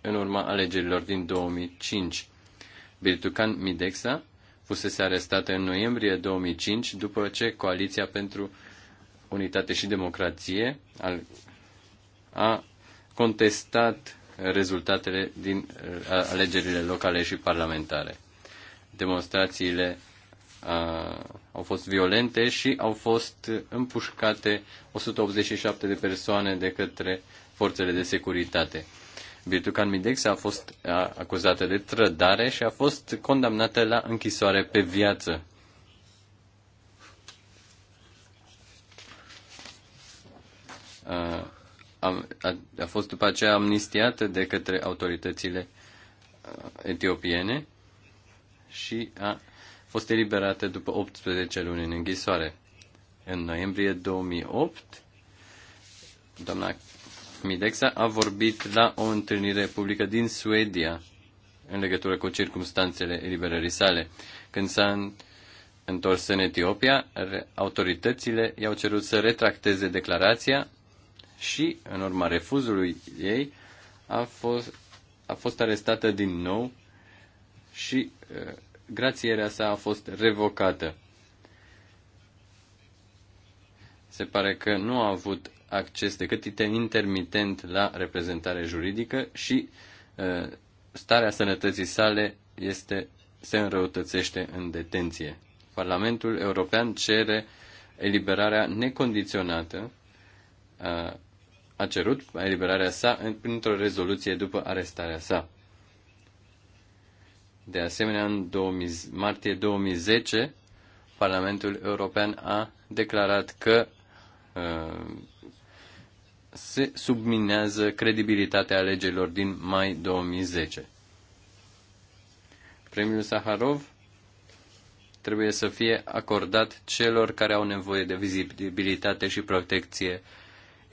în urma alegerilor din 2005. Birtucan Midexa fusese arestată în noiembrie 2005 după ce Coaliția pentru Unitate și Democrație a contestat rezultatele din uh, alegerile locale și parlamentare. Demonstrațiile uh, au fost violente și au fost împușcate 187 de persoane de către forțele de securitate. Birtucan Midex a fost acuzată de trădare și a fost condamnată la închisoare pe viață. Uh, a, a, a fost după aceea amnistiată de către autoritățile uh, etiopiene și a fost eliberată după 18 luni în închisoare. În noiembrie 2008, doamna Midexa a vorbit la o întâlnire publică din Suedia în legătură cu circumstanțele eliberării sale. Când s-a întors în Etiopia, autoritățile i-au cerut să retracteze declarația și, în urma refuzului ei, a fost, a fost arestată din nou și uh, grațierea sa a fost revocată. Se pare că nu a avut acces decât intermitent la reprezentare juridică și uh, starea sănătății sale este, se înrăutățește în detenție. Parlamentul European cere eliberarea necondiționată uh, a cerut eliberarea sa printr-o rezoluție după arestarea sa. De asemenea, în 2000, martie 2010, Parlamentul European a declarat că uh, se subminează credibilitatea alegerilor din mai 2010. Premiul Saharov trebuie să fie acordat celor care au nevoie de vizibilitate și protecție uh,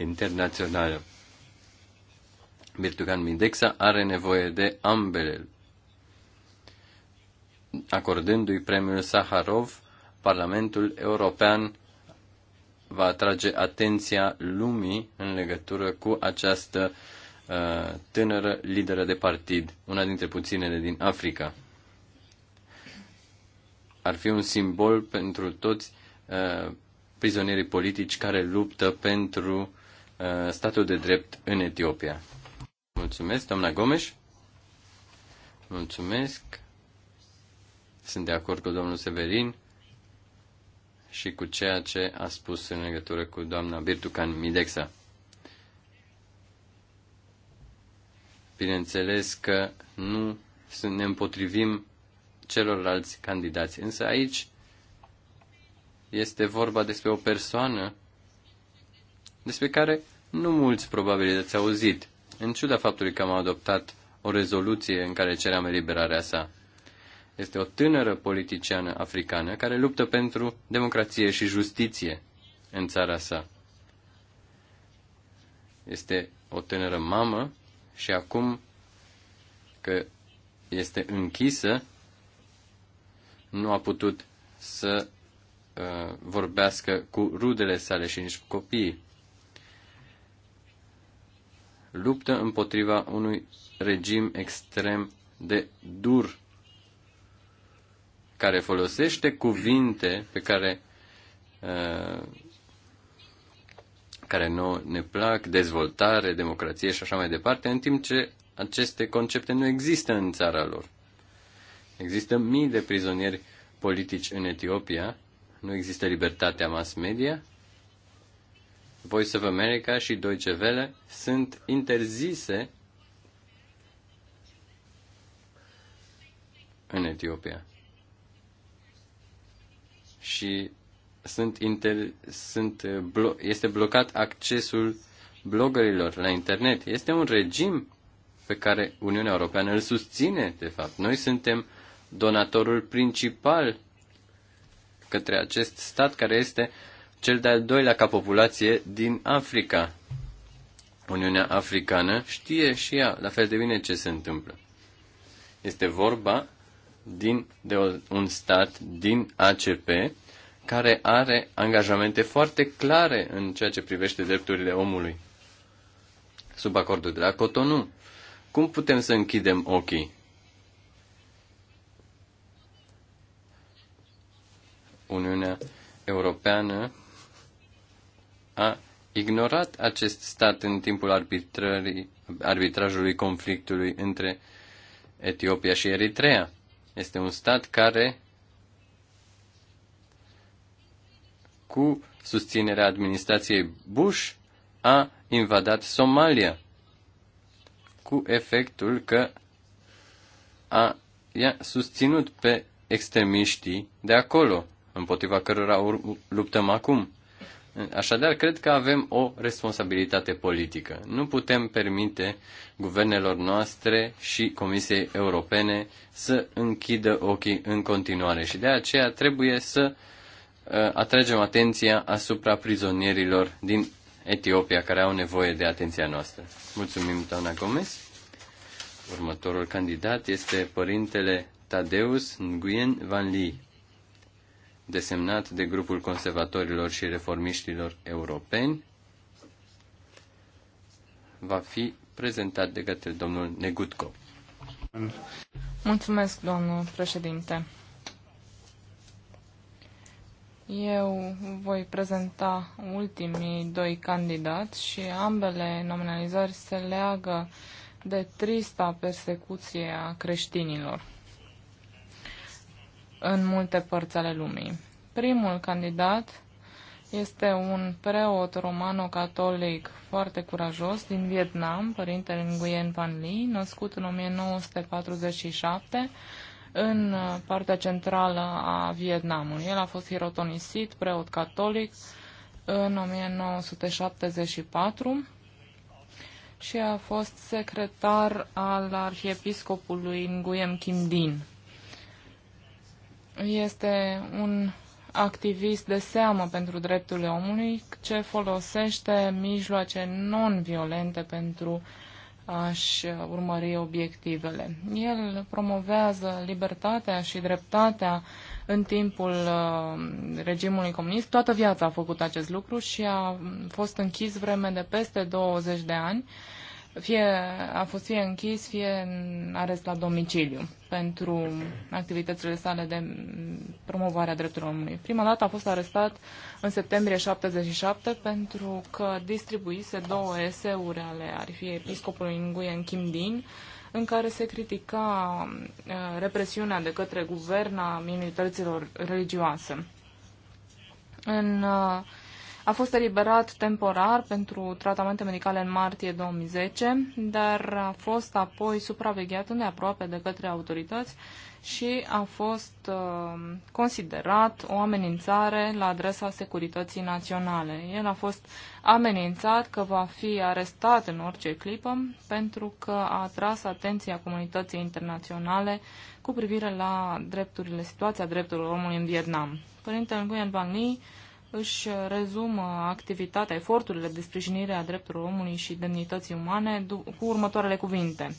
internațională. Birtugan Mindexa are nevoie de ambele. Acordându-i premiul Saharov, Parlamentul European va atrage atenția lumii în legătură cu această uh, tânără lideră de partid, una dintre puținele din Africa. Ar fi un simbol pentru toți uh, prizonierii politici care luptă pentru Uh, statul de drept în Etiopia. Mulțumesc, doamna Gomes. Mulțumesc. Sunt de acord cu domnul Severin și cu ceea ce a spus în legătură cu doamna Birtucan Midexa. Bineînțeles că nu ne împotrivim celorlalți candidați, însă aici este vorba despre o persoană despre care nu mulți probabil ați auzit, în ciuda faptului că am adoptat o rezoluție în care ceream eliberarea sa. Este o tânără politiciană africană care luptă pentru democrație și justiție în țara sa. Este o tânără mamă și acum că este închisă, nu a putut să uh, vorbească cu rudele sale și nici cu copiii luptă împotriva unui regim extrem de dur care folosește cuvinte pe care uh, care nu ne plac, dezvoltare, democrație și așa mai departe, în timp ce aceste concepte nu există în țara lor. Există mii de prizonieri politici în Etiopia, nu există libertatea mass media Voice of America și Deutsche Welle sunt interzise în Etiopia. Și sunt inter, sunt, uh, blo, este blocat accesul blogărilor la internet. Este un regim pe care Uniunea Europeană îl susține, de fapt. Noi suntem donatorul principal către acest stat care este cel de-al doilea ca populație din Africa. Uniunea Africană știe și ea la fel de bine ce se întâmplă. Este vorba din, de un stat din ACP care are angajamente foarte clare în ceea ce privește drepturile omului sub acordul de la Cotonou. Cum putem să închidem ochii? Uniunea Europeană a ignorat acest stat în timpul arbitrajului conflictului între Etiopia și Eritrea. Este un stat care, cu susținerea administrației Bush, a invadat Somalia, cu efectul că a, i-a susținut pe extremiștii de acolo, împotriva cărora luptăm acum. Așadar, cred că avem o responsabilitate politică. Nu putem permite guvernelor noastre și Comisiei Europene să închidă ochii în continuare și de aceea trebuie să uh, atragem atenția asupra prizonierilor din Etiopia care au nevoie de atenția noastră. Mulțumim, doamna Gomez. Următorul candidat este părintele Tadeus Nguyen Van Lee desemnat de grupul conservatorilor și reformiștilor europeni, va fi prezentat de către domnul Negutko. Mulțumesc, domnul președinte. Eu voi prezenta ultimii doi candidați și ambele nominalizări se leagă de trista persecuție a creștinilor în multe părți ale lumii. Primul candidat este un preot romano-catolic foarte curajos din Vietnam, părintele Nguyen Van Li, născut în 1947 în uh, partea centrală a Vietnamului. El a fost hirotonisit, preot catolic, în 1974 și a fost secretar al arhiepiscopului Nguyen Kim Dinh este un activist de seamă pentru drepturile omului ce folosește mijloace non-violente pentru a-și urmări obiectivele. El promovează libertatea și dreptatea în timpul uh, regimului comunist. Toată viața a făcut acest lucru și a fost închis vreme de peste 20 de ani fie a fost fie închis, fie în arest la domiciliu pentru activitățile sale de promovare a drepturilor omului. Prima dată a fost arestat în septembrie 77 pentru că distribuise două eseuri ale arhiei episcopului Nguyen în Kim Din, în care se critica uh, represiunea de către guvern a minorităților religioase. În uh, a fost eliberat temporar pentru tratamente medicale în martie 2010, dar a fost apoi supravegheat îndeaproape de către autorități și a fost uh, considerat o amenințare la adresa securității naționale. El a fost amenințat că va fi arestat în orice clipă pentru că a atras atenția comunității internaționale cu privire la drepturile, situația drepturilor omului în Vietnam. Părintele Nguyen Van Nhi își rezumă activitatea, eforturile de sprijinire a drepturilor omului și demnității umane cu următoarele cuvinte.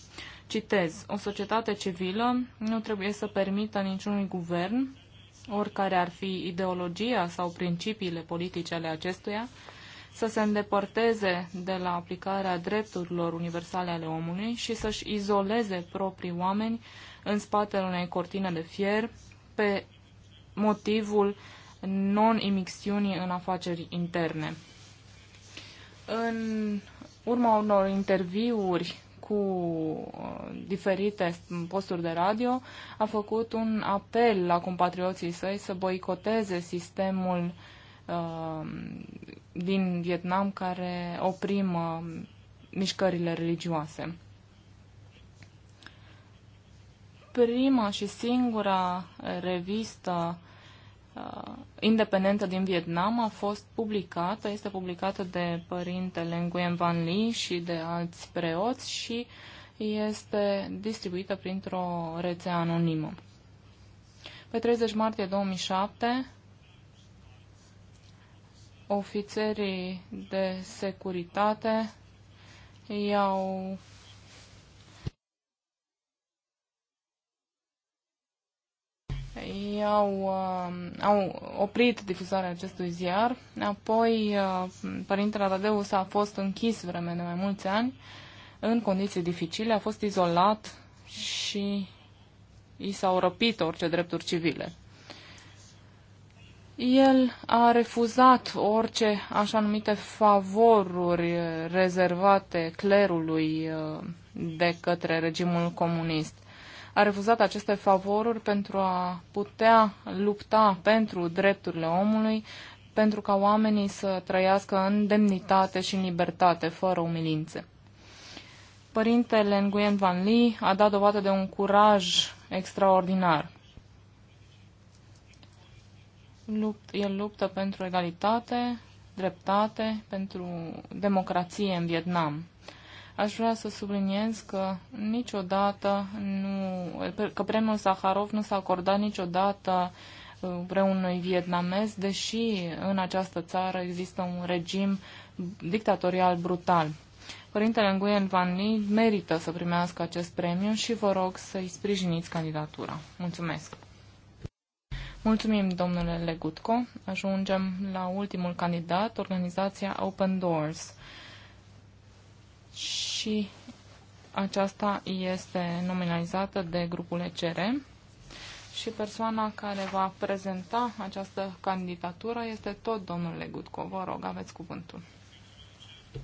Citez, o societate civilă nu trebuie să permită niciunui guvern, oricare ar fi ideologia sau principiile politice ale acestuia, să se îndepărteze de la aplicarea drepturilor universale ale omului și să-și izoleze proprii oameni în spatele unei cortine de fier pe motivul uh, non imixiunii în afaceri interne. În urma unor interviuri cu uh, diferite posturi de radio, a făcut un apel la compatrioții săi să boicoteze sistemul uh, din Vietnam care oprimă mișcările religioase. Prima și singura revistă uh, independentă din Vietnam a fost publicată, este publicată de părintele Nguyen Van Li și de alți preoți și este distribuită printr-o rețea anonimă. Pe 30 martie 2007, ofițerii de securitate i-au i-au uh, au oprit difuzarea acestui ziar. Apoi, uh, părintele Radeu s-a fost închis vreme de mai mulți ani, în condiții dificile, a fost izolat și i s-au răpit orice drepturi civile. El a refuzat orice așa numite favoruri rezervate clerului uh, de către regimul comunist a refuzat aceste favoruri pentru a putea lupta pentru drepturile omului, pentru ca oamenii să trăiască în demnitate și în libertate, fără umilințe. Părintele Nguyen Van Li a dat dovadă de un curaj extraordinar. Lupt, el luptă pentru egalitate, dreptate, pentru democrație în Vietnam. Aș vrea să subliniez că niciodată nu, că premiul Saharov nu s-a acordat niciodată uh, vreunui vietnamez, deși în această țară există un regim dictatorial brutal. Părintele Nguyen Van Li merită să primească acest premiu și vă rog să-i sprijiniți candidatura. Mulțumesc! Mulțumim, domnule Legutko. Ajungem la ultimul candidat, organizația Open Doors și aceasta este nominalizată de grupul ECR și persoana care va prezenta această candidatură este tot domnul Legutco. Vă rog, aveți cuvântul.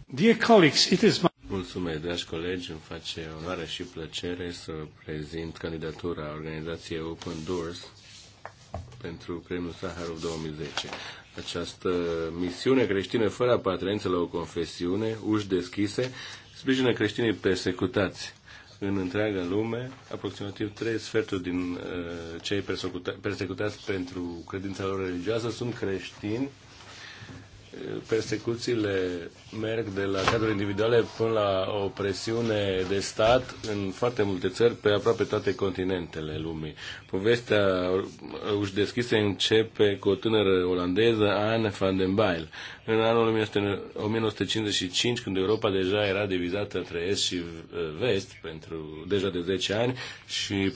Dear colleagues, it is my... Mulțumesc, dragi colegi, îmi face onoare și plăcere să prezint candidatura organizației Open Doors pentru Premiul Saharov 2010 această misiune creștină fără apartenență la o confesiune, uși deschise, sprijină creștinii persecutați în întreaga lume, aproximativ trei sferturi din uh, cei persecuta- persecutați pentru credința lor religioasă sunt creștini persecuțiile merg de la cadrul individuale până la o presiune de stat în foarte multe țări, pe aproape toate continentele lumii. Povestea uși deschise începe cu o tânără olandeză, Anne van den Bijl. În anul 1955, când Europa deja era divizată între est și uh, vest, pentru deja de 10 ani, și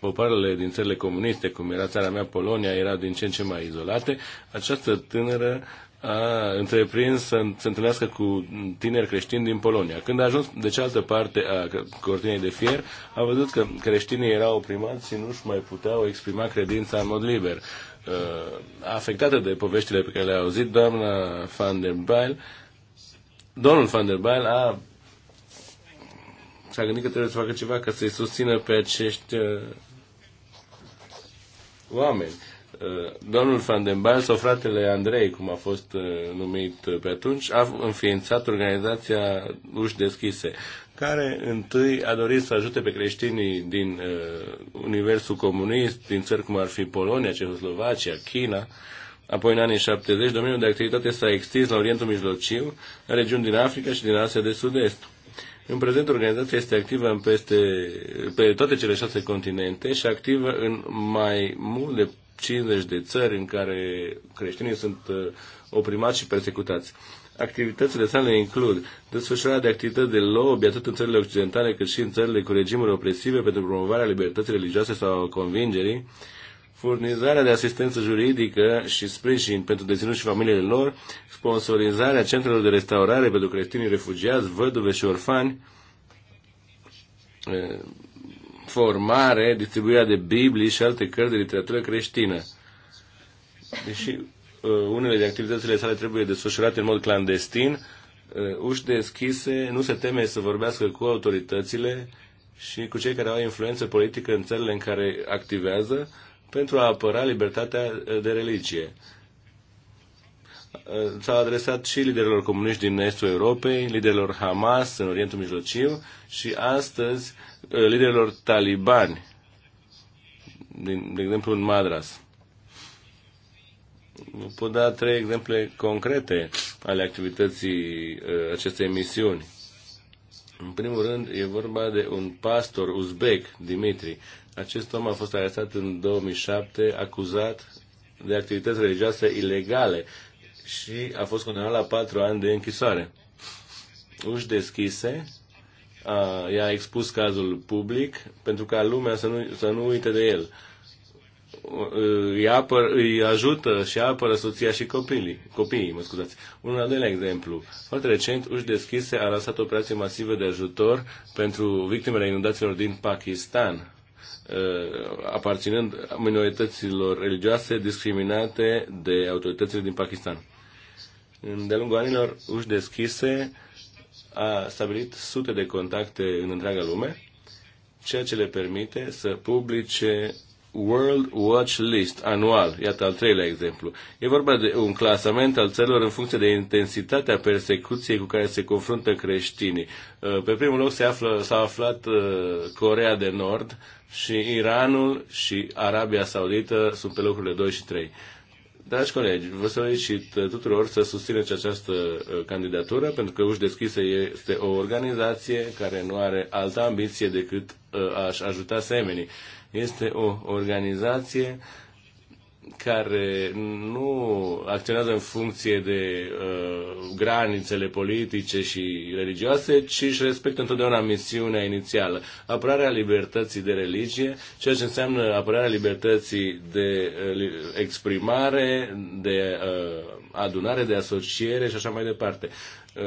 popoarele din țările comuniste, cum era țara mea, Polonia, era din ce în ce mai izolate, această tânără uh, a întreprins să se întâlnească cu tineri creștini din Polonia. Când a ajuns de cealaltă parte a cortinei de fier, a văzut că creștinii erau oprimați și nu-și mai puteau exprima credința în mod liber. Afectată de poveștile pe care le-a auzit, doamna van der Baal, domnul van der Baal a s-a gândit că trebuie să facă ceva ca să-i susțină pe acești uh, oameni. Eh, domnul Van den Baal sau fratele Andrei, cum a fost eh, numit eh, pe atunci, a înființat organizația Uși Deschise, care întâi a dorit să ajute pe creștinii din uh, universul comunist, din țări cum ar fi Polonia, Cehoslovacia, China. Apoi, în anii 70, domeniul de activitate s-a extins la Orientul Mijlociu, în regiuni din Africa și din Asia de Sud-Est. În prezent, organizația este activă în peste, pe toate cele șase continente și activă în mai mult de 50 de țări în care creștinii sunt uh, oprimați și persecutați. Activitățile sale includ desfășurarea de activități de lobby atât în țările occidentale cât și în țările cu regimuri opresive pentru promovarea libertății religioase sau convingerii, furnizarea de asistență juridică și sprijin pentru deținuți și familiile lor, sponsorizarea centrelor de restaurare pentru creștinii refugiați, văduve și orfani, formare, distribuirea de biblie, și alte cărți de literatură creștină. Deși uh, unele de activitățile sale trebuie desfășurate în mod clandestin, uh, uși deschise, nu se teme să vorbească cu autoritățile și cu cei care au influență politică în țările în care activează pentru a apăra libertatea uh, de religie. S-a adresat și liderilor comuniști din estul Europei, liderilor Hamas în Orientul Mijlociu și astăzi Uh, liderilor talibani, din, de exemplu în Madras. Vă pot da trei exemple concrete ale activității uh, acestei misiuni. În primul rând, e vorba de un pastor uzbek, Dimitri. Acest om a fost arestat în 2007, acuzat de activități religioase ilegale și a fost condamnat la patru ani de închisoare. Uși deschise a, i-a expus cazul public pentru ca lumea să nu, să nu uite de el. Îi, apăr, îi ajută și apără soția și copilii, copiii. Mă scuzați. Un al doilea exemplu. Foarte recent, uși deschise a lansat operații masive de ajutor pentru victimele inundațiilor din Pakistan aparținând minorităților religioase discriminate de autoritățile din Pakistan. De-a lungul anilor, uși deschise a stabilit sute de contacte în întreaga lume, ceea ce le permite să publice World Watch List anual. Iată al treilea exemplu. E vorba de un clasament al țărilor în funcție de intensitatea persecuției cu care se confruntă creștinii. Pe primul loc se află, s-a aflat Corea de Nord și Iranul și Arabia Saudită sunt pe locurile 2 și 3. Dragi colegi, vă solicit tuturor să susțineți această uh, candidatură, pentru că Uși Deschise este o organizație care nu are altă ambiție decât uh, a-și ajuta semenii. Este o organizație uh, care nu acționează în funcție de uh, granițele politice și religioase, ci își respectă întotdeauna misiunea inițială. Apărarea libertății de religie, ceea ce înseamnă apărarea libertății de uh, exprimare, de uh, adunare, de asociere și așa mai departe. Uh,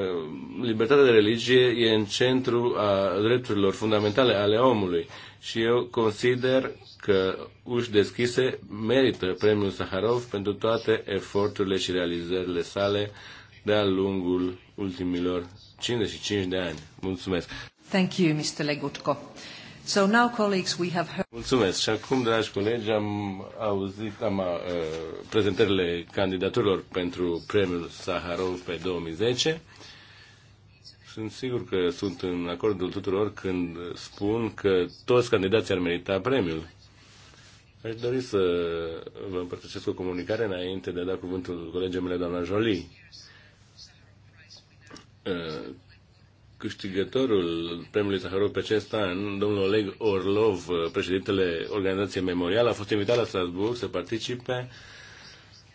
libertatea de religie e în centru a drepturilor fundamentale ale omului și eu consider că uși deschise merită premiul Saharov pentru toate eforturile și realizările sale de-a lungul ultimilor 55 de ani. Mulțumesc! Thank you, Mr. Legutko. So now, colleagues, we have heard... Mulțumesc. Și acum, dragi colegi, am auzit am, uh, prezentările candidaturilor pentru premiul Saharov pe 2010. Sunt sigur că sunt în acordul tuturor când spun că toți candidații ar merita premiul. Aș dori să vă împărtășesc o comunicare înainte de a da cuvântul colegii mele, doamna Jolie uh, câștigătorul premiului Saharov pe acest an, domnul Oleg Orlov, președintele organizației Memorial, a fost invitat la Strasburg să participe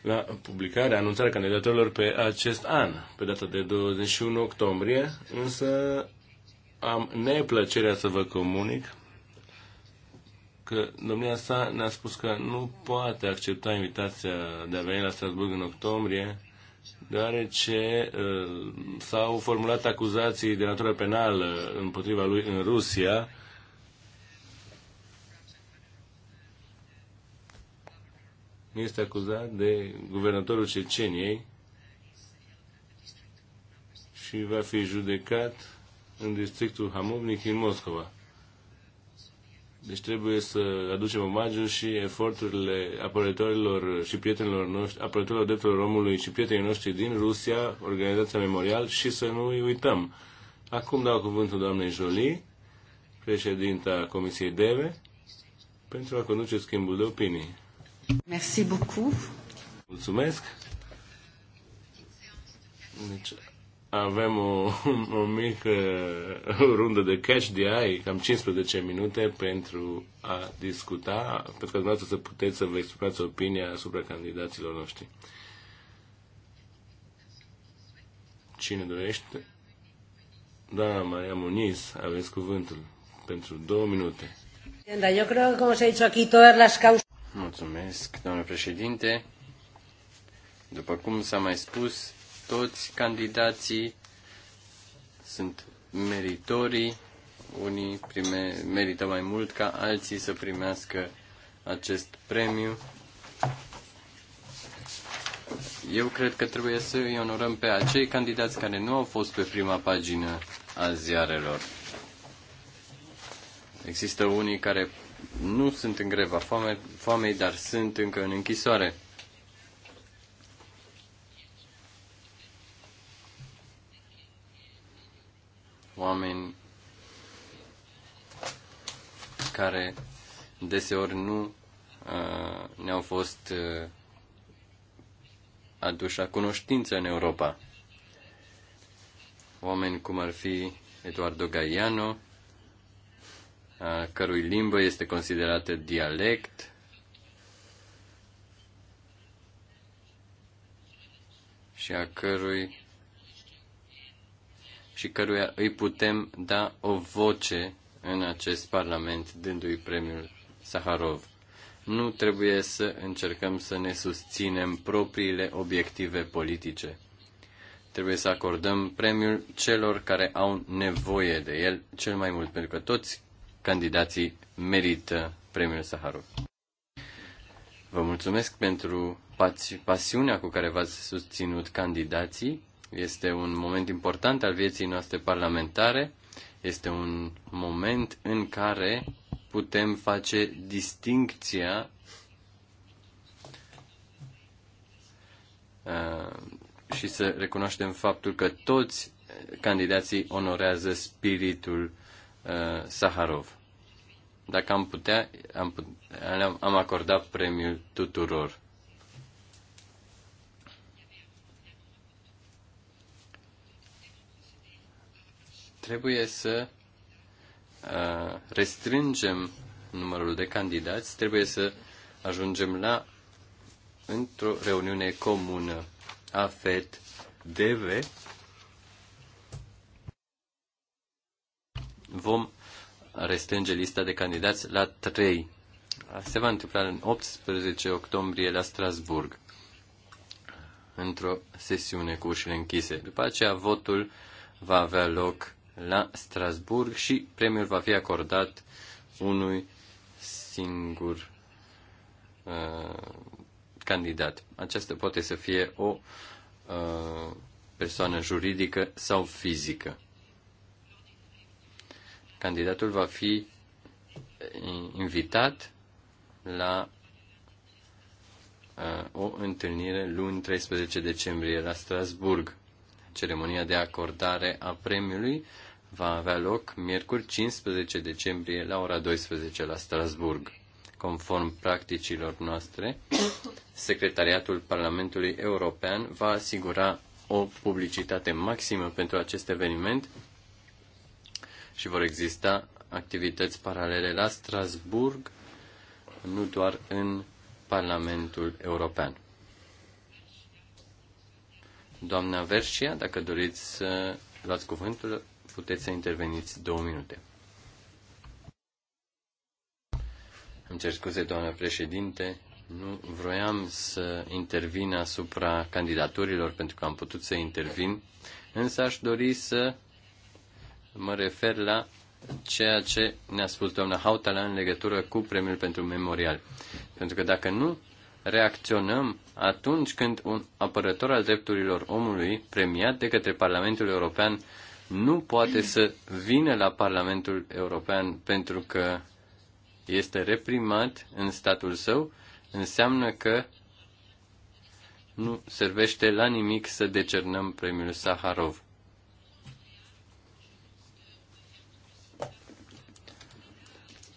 la publicarea, anunțarea candidatorilor pe acest an, pe data de 21 octombrie, însă am neplăcerea să vă comunic că domnia sa ne-a spus că nu poate accepta invitația de a veni la Strasburg în octombrie deoarece uh, s-au formulat acuzații de natură penală împotriva lui în Rusia, este acuzat de guvernatorul Ceceniei și va fi judecat în districtul Hamovnik în Moscova. Deci trebuie să aducem omagiu și eforturile apărătorilor și prietenilor noștri, apărătorilor drepturilor omului și prietenii noștri din Rusia, Organizația Memorial, și să nu îi uităm. Acum dau cuvântul doamnei Jolie, președinta Comisiei DEVE, pentru a conduce schimbul de opinii. Merci beaucoup. Mulțumesc. Deci, avem o, o mică rundă de catch de ai, cam 15 minute pentru a discuta, pentru că dumneavoastră să puteți să vă exprimați opinia asupra candidaților noștri. Cine dorește? da Maria Muniz, aveți cuvântul pentru două minute. Eu cred că, cum s-a zis aici, toate las causas. Mulțumesc, domnule președinte. După cum s-a mai spus, toți candidații sunt meritorii, unii prime, merită mai mult ca alții să primească acest premiu. Eu cred că trebuie să îi onorăm pe acei candidați care nu au fost pe prima pagină a ziarelor. Există unii care nu sunt în greva foame, foamei, dar sunt încă în închisoare. oameni care deseori nu uh, ne-au fost uh, aduși la cunoștință în Europa. Oameni cum ar fi Eduardo Gaiano, a uh, cărui limbă este considerată dialect, și a cărui și căruia îi putem da o voce în acest Parlament, dându-i premiul Saharov. Nu trebuie să încercăm să ne susținem propriile obiective politice. Trebuie să acordăm premiul celor care au nevoie de el cel mai mult, pentru că toți candidații merită premiul Saharov. Vă mulțumesc pentru pasiunea cu care v-ați susținut candidații este un moment important al vieții noastre parlamentare. Este un moment în care putem face distincția uh, și să recunoaștem faptul că toți candidații onorează spiritul uh, Saharov. Dacă am putea, am, putea, am acordat premiul tuturor. trebuie să restrângem numărul de candidați, trebuie să ajungem la într-o reuniune comună AFET DV vom restrânge lista de candidați la 3. Se va întâmpla în 18 octombrie la Strasburg într-o sesiune cu ușile închise. După aceea votul va avea loc la Strasburg și premiul va fi acordat unui singur uh, candidat. Aceasta poate să fie o uh, persoană juridică sau fizică. Candidatul va fi uh, invitat la uh, o întâlnire luni 13 decembrie la Strasburg. Ceremonia de acordare a premiului va avea loc miercuri 15 decembrie la ora 12 la Strasburg. Conform practicilor noastre, Secretariatul Parlamentului European va asigura o publicitate maximă pentru acest eveniment și vor exista activități paralele la Strasburg, nu doar în Parlamentul European. Doamna Versia, dacă doriți să luați cuvântul, puteți să interveniți două minute. Îmi cer scuze, doamnă președinte, nu vroiam să intervin asupra candidaturilor pentru că am putut să intervin, însă aș dori să mă refer la ceea ce ne-a spus doamna Hautala în legătură cu premiul pentru memorial. Pentru că dacă nu reacționăm atunci când un apărător al drepturilor omului premiat de către Parlamentul European nu poate să vină la Parlamentul European pentru că este reprimat în statul său, înseamnă că nu servește la nimic să decernăm premiul Saharov.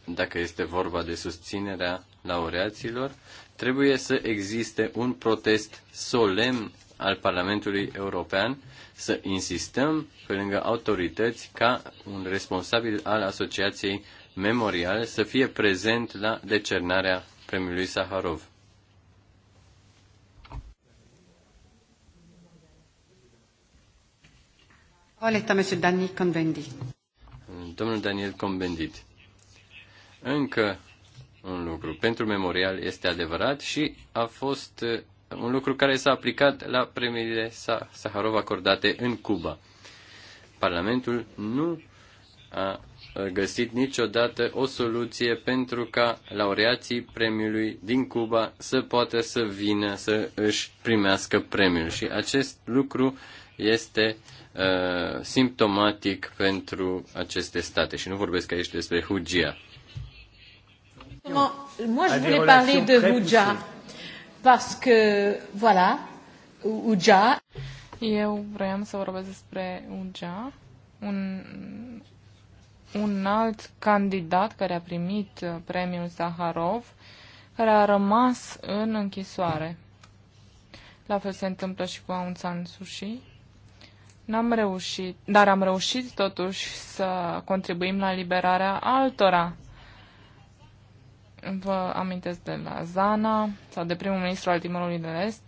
Dacă este vorba de susținerea laureaților, trebuie să existe un protest solemn al Parlamentului European să insistăm pe lângă autorități ca un responsabil al Asociației Memorial să fie prezent la decernarea premiului Saharov. Domnul Daniel Convendit. Încă un lucru. Pentru memorial este adevărat și a fost un lucru care s-a aplicat la premiile Saharov acordate în Cuba. Parlamentul nu a găsit niciodată o soluție pentru ca laureații premiului din Cuba să poată să vină să își primească premiul. Și acest lucru este uh, simptomatic pentru aceste state. Și nu vorbesc aici despre Hugia. Moi, je voulais parler de Hugia parce că, voilà, uja. Eu vreau să vorbesc despre Uja, un, un alt candidat care a primit uh, premiul Zaharov, care a rămas în închisoare. La fel se întâmplă și cu Aung San Suu Kyi. N-am reușit, dar am reușit totuși să contribuim la liberarea altora. Vă amintesc de la Zana sau de primul ministru al Timorului de Est.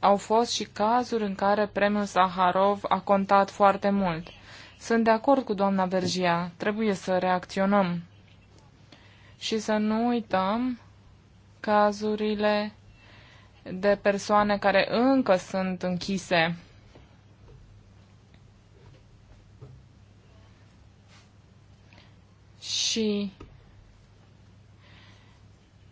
Au fost și cazuri în care premiul Saharov a contat foarte mult. Sunt de acord cu doamna Bergia. trebuie să reacționăm și să nu uităm cazurile de persoane care încă sunt închise și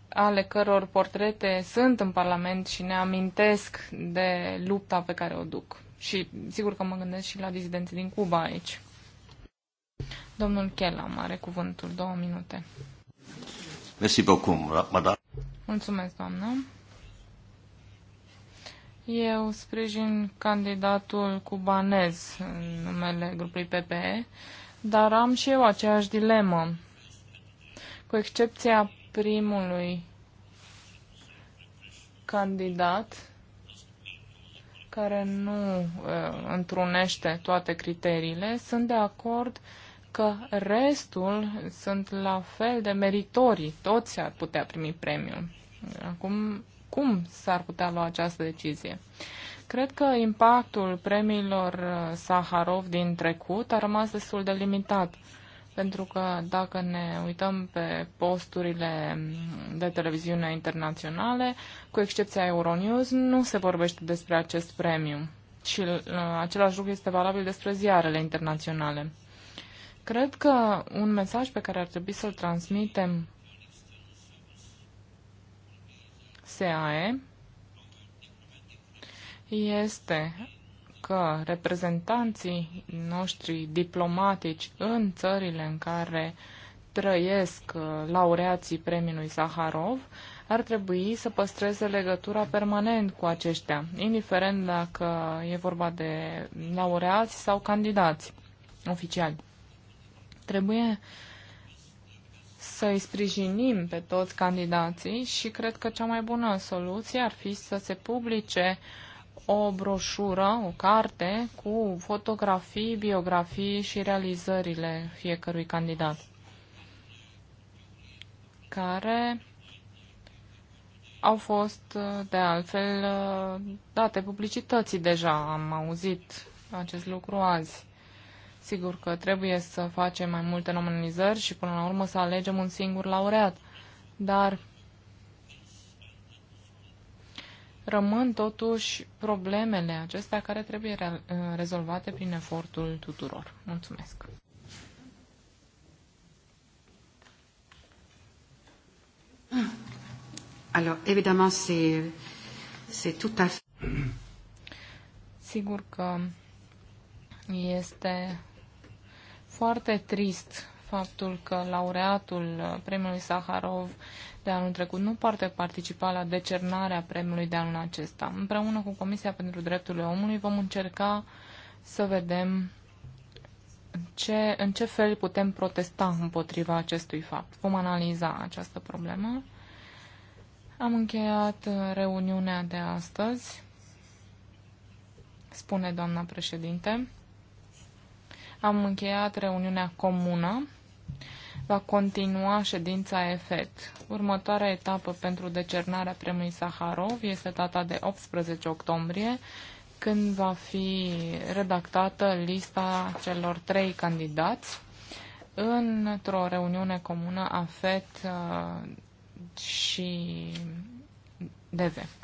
ale căror portrete sunt în Parlament și ne amintesc de lupta pe care o duc. Și sigur că mă gândesc și la dizidenții din Cuba aici. Domnul Chela, are cuvântul, două minute. Mersi beaucoup, madame. Mulțumesc, doamnă. Eu sprijin candidatul cubanez în numele grupului PPE dar am și eu aceeași dilemă. Cu excepția primului candidat, care nu uh, întrunește toate criteriile, sunt de acord că restul sunt la fel de meritorii. Toți ar putea primi premiul. Acum, cum s-ar putea lua această decizie? Uh, Cred că impactul premiilor uh, Saharov din trecut a rămas destul de limitat, pentru că dacă ne uităm pe posturile mm, de televiziune internaționale, cu excepția Euronews, nu se vorbește despre acest premiu. Și uh, același lucru este valabil despre ziarele internaționale. Cred că un mesaj pe care ar trebui să-l transmitem SAE este că reprezentanții noștri diplomatici în țările în care trăiesc uh, laureații premiului Saharov ar trebui să păstreze legătura permanent cu aceștia, indiferent dacă e vorba de laureați sau candidați oficiali. Trebuie să îi sprijinim pe toți candidații și cred că cea mai bună soluție ar fi să se publice uh, o broșură, o carte cu fotografii, biografii și realizările fiecărui candidat, care au fost, de altfel, date publicității deja. Am auzit acest lucru azi. Sigur că trebuie să facem mai multe nominalizări și până la urmă să alegem un singur laureat. Dar rămân totuși problemele acestea care trebuie rezolvate prin efortul tuturor. Mulțumesc! Alors, évidemment, c'est, tout à fait... Sigur că este foarte trist faptul că laureatul premiului Saharov de anul trecut nu poate participa la decernarea premiului de anul acesta. Împreună cu Comisia pentru Drepturile Omului vom încerca să vedem ce, în ce fel putem protesta împotriva acestui fapt. Vom analiza această problemă. Am încheiat uh, reuniunea de astăzi, spune doamna președinte. Am încheiat reuniunea comună va continua ședința EFET. Următoarea etapă pentru decernarea premiului Saharov este data de 18 octombrie, când va fi redactată lista celor trei candidați într-o reuniune comună a FET uh, și DV.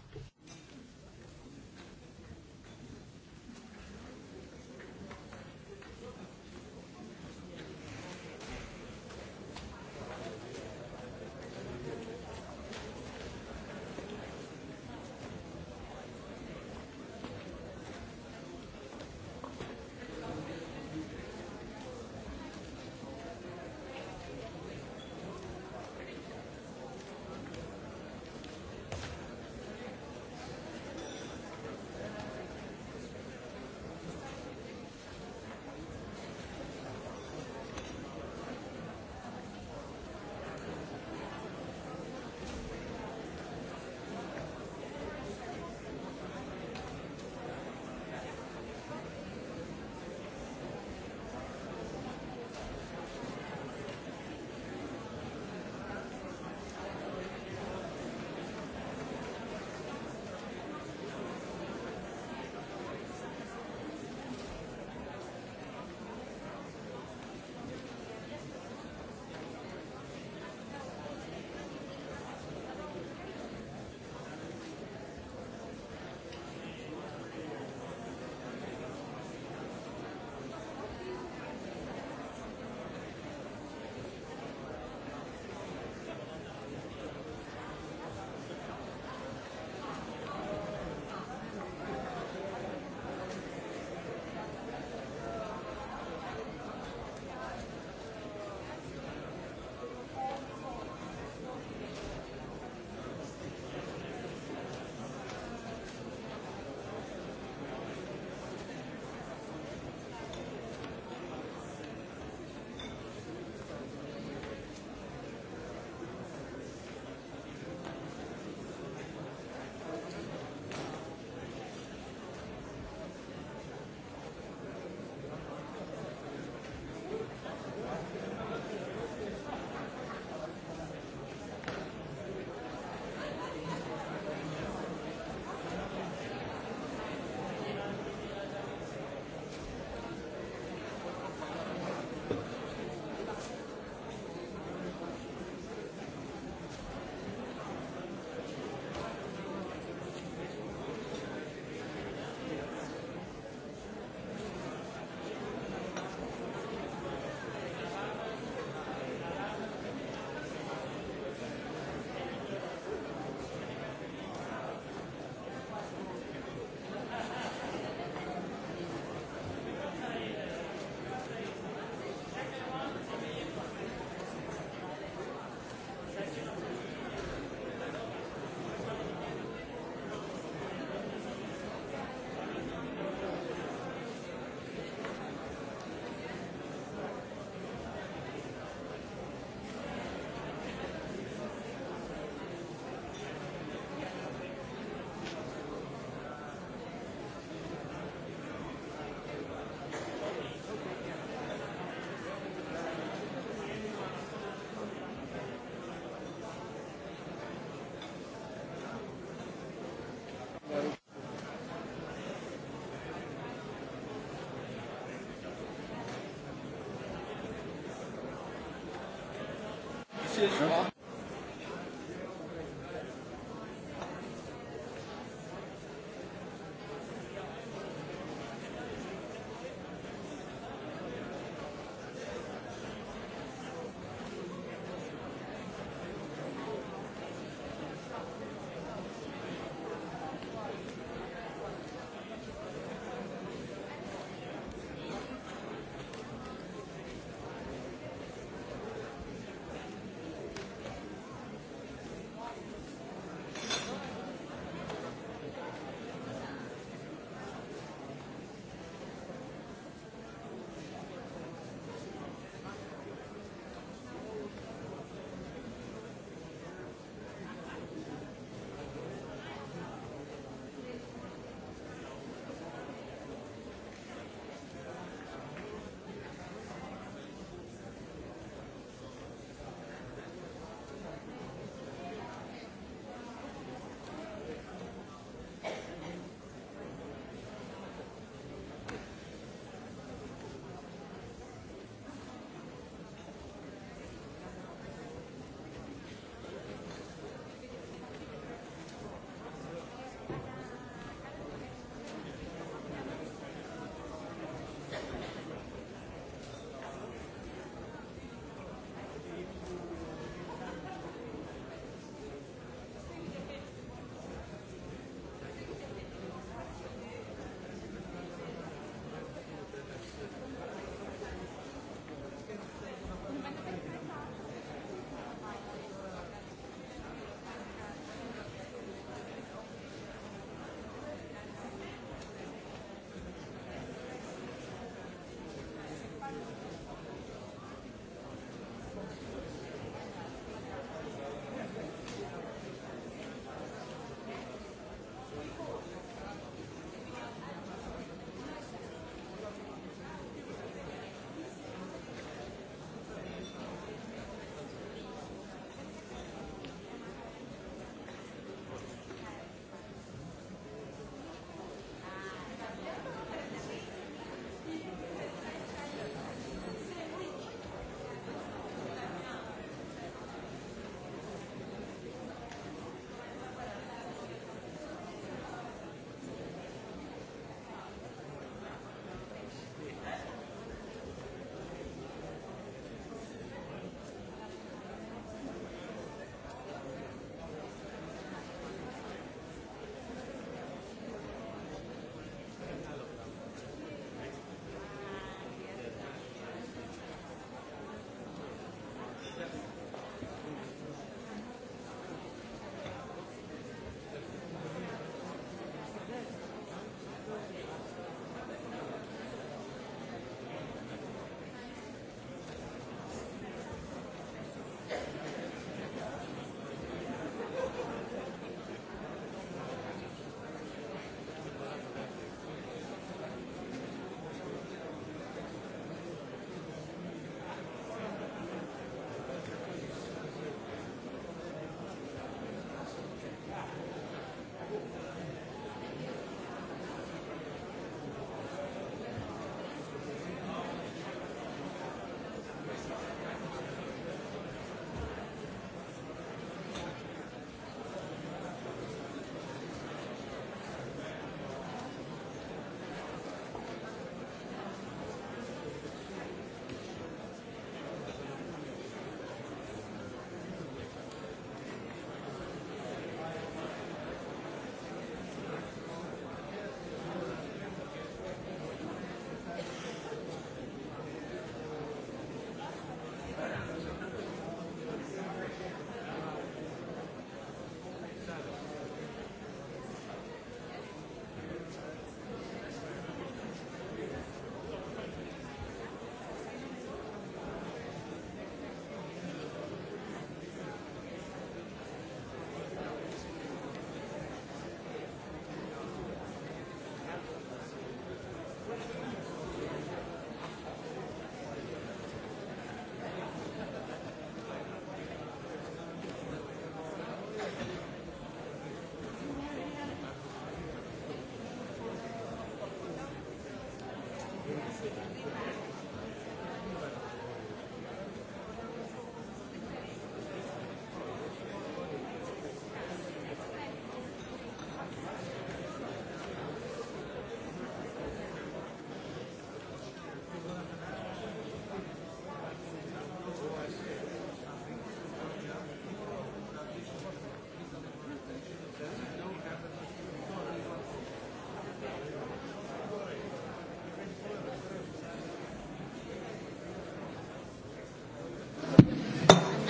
Mulțumesc.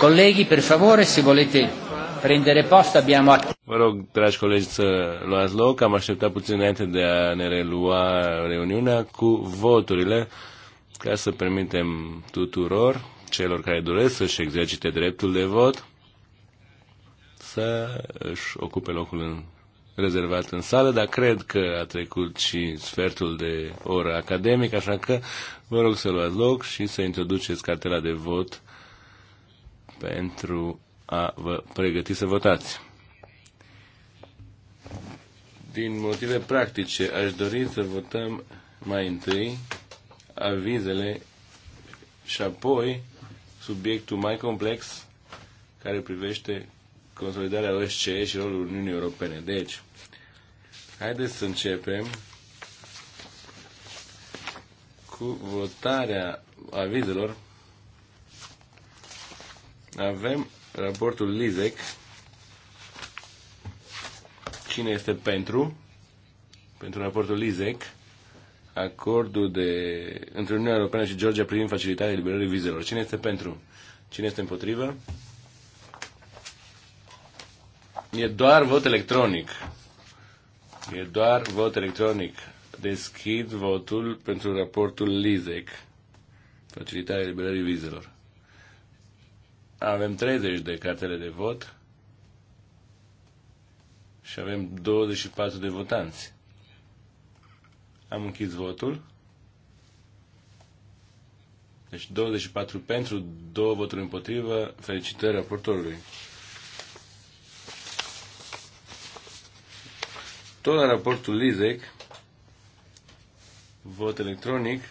Colleghi, per favore, se volete prendere posto, abbiamo... Vă rog, dragi colegi, să luați loc. Am așteptat puțin înainte de a ne relua reuniunea cu voturile, ca să permitem tuturor, celor care doresc să-și exercite dreptul de vot, să își ocupe locul în rezervat în sală, dar cred că a trecut și sfertul de oră academic, așa că vă rog să luați loc și să introduceți cartela de vot pentru a vă pregăti să votați. Din motive practice, aș dori să votăm mai întâi avizele și apoi subiectul mai complex care privește consolidarea OSCE și rolul Uniunii Europene. Deci, haideți să începem cu votarea avizelor avem raportul Lizec. Cine este pentru? Pentru raportul Lizec. Acordul de, între Uniunea Europeană și Georgia privind facilitatea eliberării vizelor. Cine este pentru? Cine este împotrivă? E doar vot electronic. E doar vot electronic. Deschid votul pentru raportul Lizec. Facilitarea eliberării vizelor. Avem 30 de cartele de vot și avem 24 de votanți. Am închis votul. Deci 24 pentru, 2 voturi împotrivă. Felicitări raportorului. Tot la raportul Lizec, vot electronic,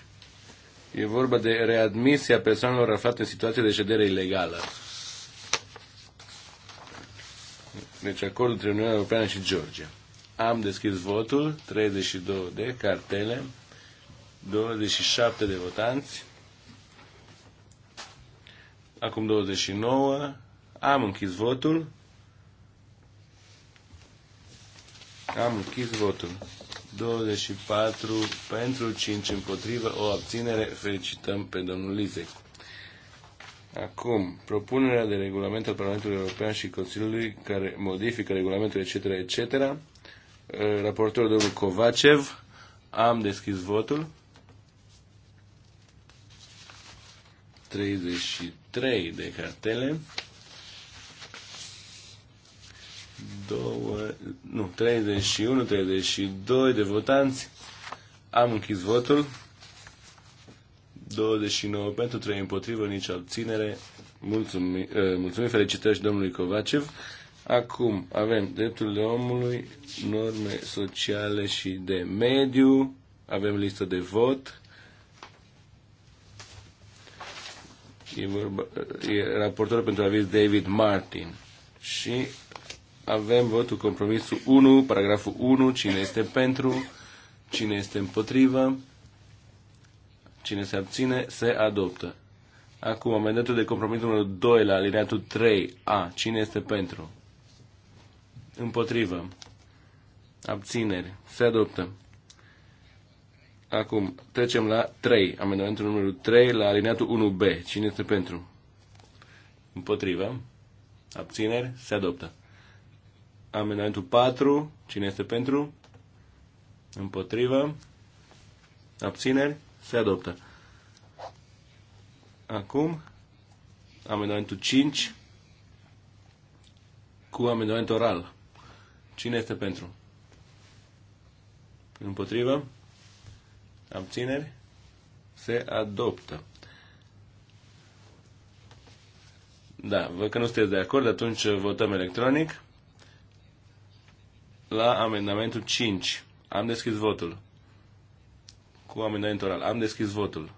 E vorba de readmisia persoanelor aflate în situație de ședere ilegală. Deci acordul între Uniunea Europeană și Georgia. Am deschis votul, 32 de cartele, 27 de votanți, acum 29, am închis votul, am închis votul. 24 pentru, 5 împotrivă, o abținere. Felicităm pe domnul Lizec. Acum, propunerea de regulament al Parlamentului European și Consiliului care modifică regulamentul etc. etc. Uh, raportorul domnul Kovacev. Am deschis votul. 33 de cartele. 2, nu, 31, 32 de votanți. Am închis votul. 29 pentru, 3 împotrivă, nici abținere. Mulțumim, eh, mulțumim felicitări și domnului Covacev. Acum avem drepturile omului, norme sociale și de mediu, avem listă de vot. E, vorba, eh, e raportor pentru aviz David Martin. Și avem votul compromisul 1, paragraful 1, cine este pentru, cine este împotrivă, cine se abține, se adoptă. Acum, amendatul de compromis numărul 2 la alineatul 3A. Cine este pentru? Împotrivă. Abțineri. Se adoptă. Acum, trecem la 3. Amendamentul numărul 3 la alineatul 1B. Cine este pentru? Împotrivă. Abțineri. Se adoptă. Amendamentul 4. Cine este pentru? Împotrivă. Abțineri. Se adoptă. Acum, amendamentul 5 cu amendament oral. Cine este pentru? Împotrivă? Abțineri? Se adoptă. Da, văd că nu sunteți de acord, atunci votăm electronic la amendamentul 5. Am deschis votul. Cu amendament oral. Am deschis votul.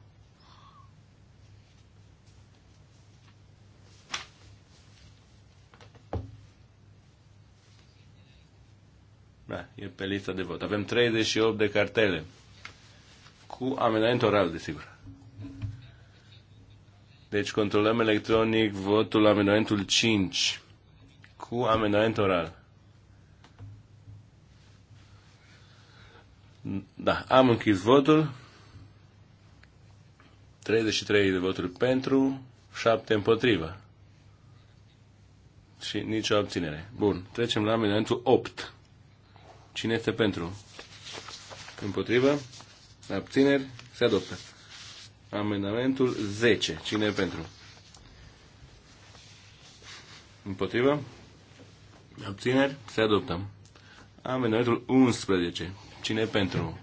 Da, e pe lista de vot. Avem 38 de cartele. Cu amendament oral, desigur. Deci controlăm electronic votul amendamentul 5 cu amendament oral. Da, am închis votul. 33 de voturi pentru, 7 împotrivă. Și nicio abținere. Bun, trecem la amendamentul 8. Cine este pentru? Împotrivă? Abțineri? Se adoptă. Amendamentul 10. Cine e pentru? Împotrivă? Abțineri? Se adoptă. Amendamentul 11. Cine e pentru?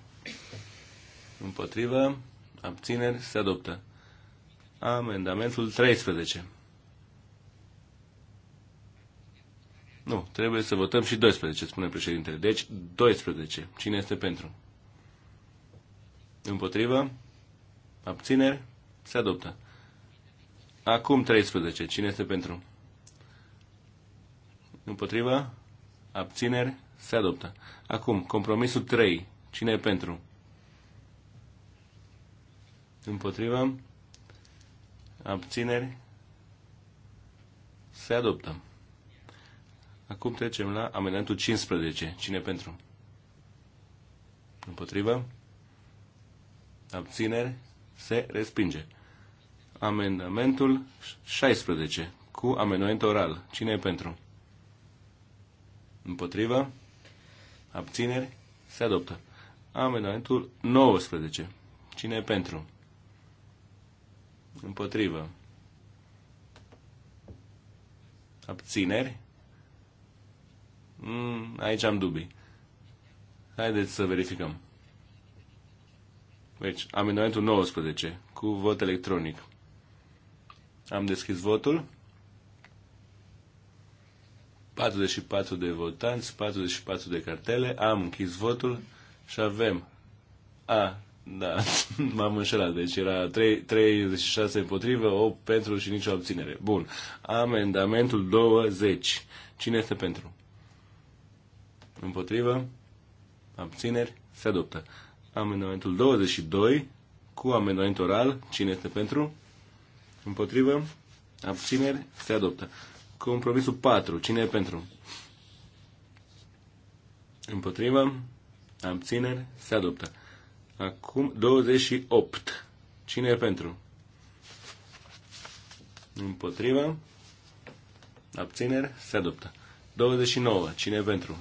Împotrivă. Abțineri. Se adoptă. Amendamentul 13. Nu, trebuie să votăm și 12, spune președintele. Deci, 12. Cine este pentru? Împotrivă? Abțineri? Se adoptă. Acum 13. Cine este pentru? Împotrivă? Abțineri? Se adoptă. Acum, compromisul 3. Cine e pentru? Împotriva. Abțineri. Se adoptă. Acum trecem la amendamentul 15. Cine pentru? Împotrivă? Abțineri? Se respinge. Amendamentul 16. Cu amendament oral. Cine e pentru? Împotrivă? Abțineri? Se adoptă. Amendamentul 19. Cine e pentru? Împotrivă. Abțineri? Mm, aici am dubii. Haideți să verificăm. Deci, amendamentul 19 cu vot electronic. Am deschis votul. 44 de votanți, 44 de cartele, am închis votul și avem a da, m-am înșelat. Deci era 3, 36 împotrivă, 8 pentru și nicio abținere. Bun. Amendamentul 20. Cine este pentru? Împotrivă? Abțineri? Se adoptă. Amendamentul 22 cu amendament oral. Cine este pentru? Împotrivă? Abțineri? Se adoptă. Compromisul 4. Cine e pentru? Împotrivă? Abțineri? Se adoptă. Acum 28. Cine e pentru? Împotriva. Abțineri. Se adoptă. 29. Cine e pentru?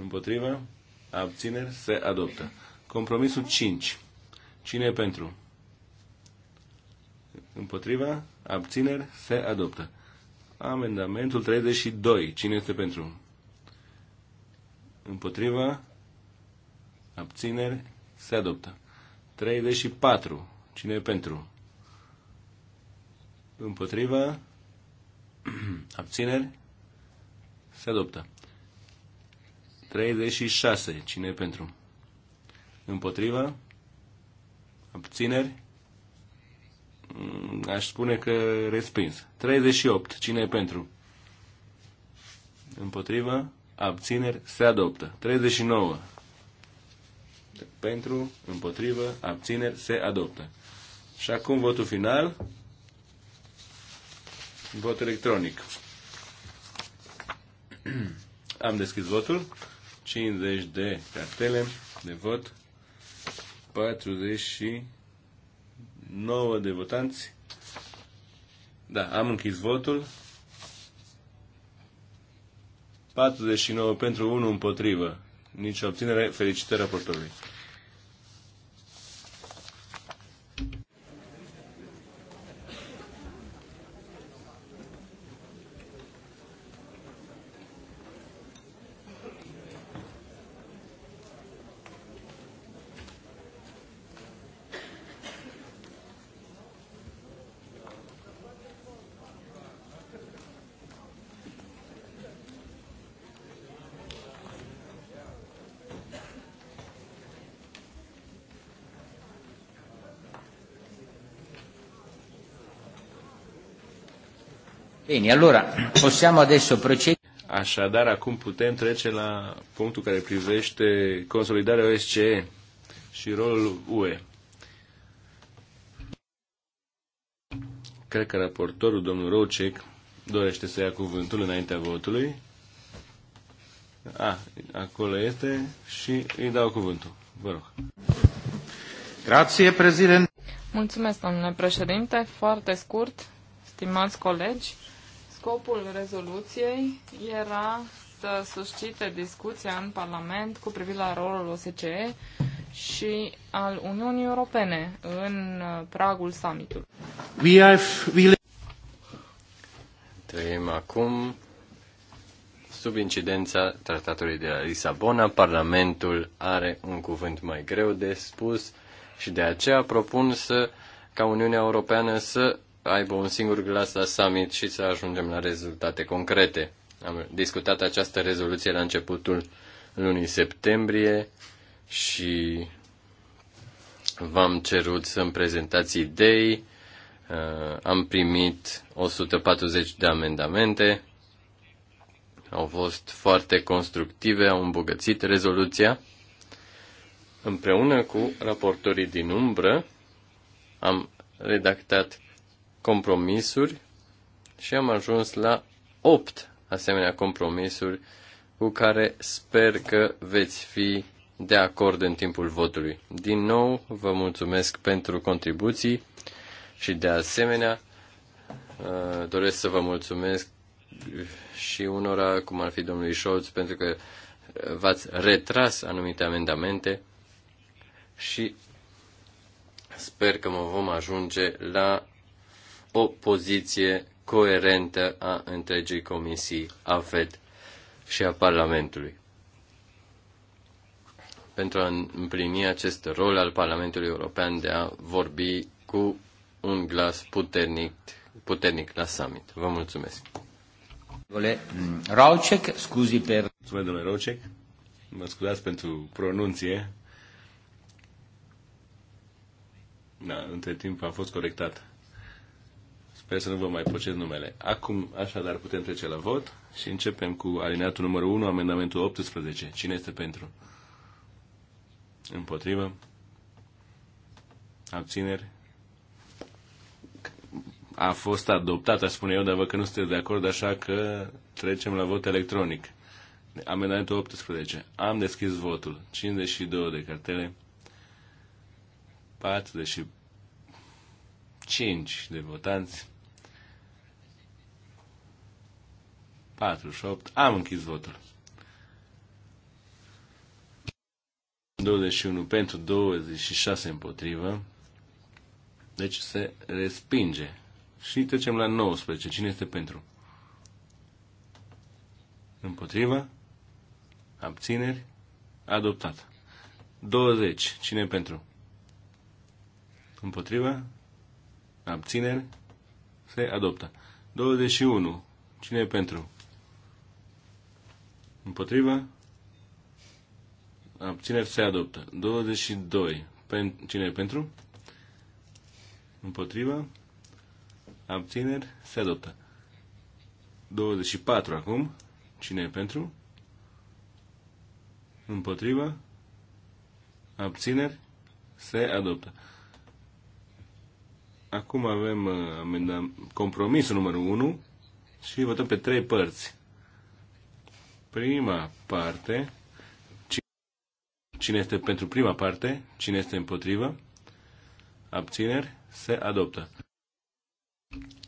Împotriva. Abțineri. Se adoptă. Compromisul 5. Cine e pentru? Împotriva. Abțineri. Se adoptă. Amendamentul 32. Cine este pentru? Împotriva. Abțineri. Se adoptă. 34. Mm, Cine e pentru? Împotrivă. Abțineri. Se adoptă. 36. Cine e pentru? Împotrivă. Abțineri. Aș spune că respins. 38. Cine e pentru? Împotrivă. Abțineri. Se adoptă. 39. Pentru, împotrivă, abțineri, se adoptă. Și acum votul final. Vot electronic. Am deschis votul. 50 de cartele de vot. 49 de votanți. Da, am închis votul. 49 pentru 1 împotrivă nicio obținere. Felicitări raportorului. Bine, allora possiamo adesso procedere. Așadar, acum putem trece la punctul care privește consolidarea OSCE și rolul UE. Cred că raportorul, domnul Rocek, dorește să ia cuvântul înaintea votului. A, acolo este și îi dau cuvântul. Vă rog. Grație, președinte. Mulțumesc, domnule președinte. Foarte scurt, stimați colegi. Scopul rezoluției era să suscite discuția în Parlament cu privire la rolul OSCE și al Uniunii Europene în uh, pragul summitului. We Trăim acum sub incidența Tratatului de la Lisabona, Parlamentul are un cuvânt mai greu de spus și de aceea propun să ca Uniunea Europeană să aibă un singur glas la summit și să ajungem la rezultate concrete. Am discutat această rezoluție la începutul lunii septembrie și v-am cerut să-mi prezentați idei. Uh, am primit 140 de amendamente. Au fost foarte constructive, au îmbogățit rezoluția. Împreună cu raportorii din umbră am redactat compromisuri și am ajuns la 8 asemenea compromisuri cu care sper că veți fi de acord în timpul votului. Din nou, vă mulțumesc pentru contribuții și de asemenea uh, doresc să vă mulțumesc și unora, cum ar fi domnului Scholz, pentru că v-ați retras anumite amendamente și sper că mă vom ajunge la o poziție coerentă a întregii comisii a Fed și a Parlamentului. Pentru a împlini acest rol al Parlamentului European de a vorbi cu un glas puternic, puternic la summit. Vă mulțumesc. Mm, Raucek, scuzi per... Mulțumesc, domnule Raucek. Mă scuzați pentru pronunție. Da, între timp a fost corectat. Sper să nu vă mai pocesc numele. Acum, așadar, putem trece la vot și începem cu alineatul numărul 1, amendamentul 18. Cine este pentru? Împotrivă? Abțineri? A fost adoptat, aș spune eu, dar văd că nu sunteți de acord, așa că trecem la vot electronic. Amendamentul 18. Am deschis votul. 52 de cartele. 45 de votanți. 48. Am închis votul. 21 pentru 26 împotrivă. Deci se respinge. Și trecem la 19. Cine este pentru? Împotrivă? Abțineri? Adoptat. 20. Cine e pentru? Împotrivă? Abțineri? Se adoptă. 21. Cine e pentru? Împotriva? Abțineri se adoptă. 22. Pen, cine e pentru? Împotriva? Abțineri se adoptă. 24 acum. Cine e pentru? Împotriva? Abțineri se adoptă. Acum avem uh, amendam, compromisul numărul 1 și votăm pe trei părți prima parte, cine este pentru prima parte, cine este împotrivă, abțineri, se adoptă.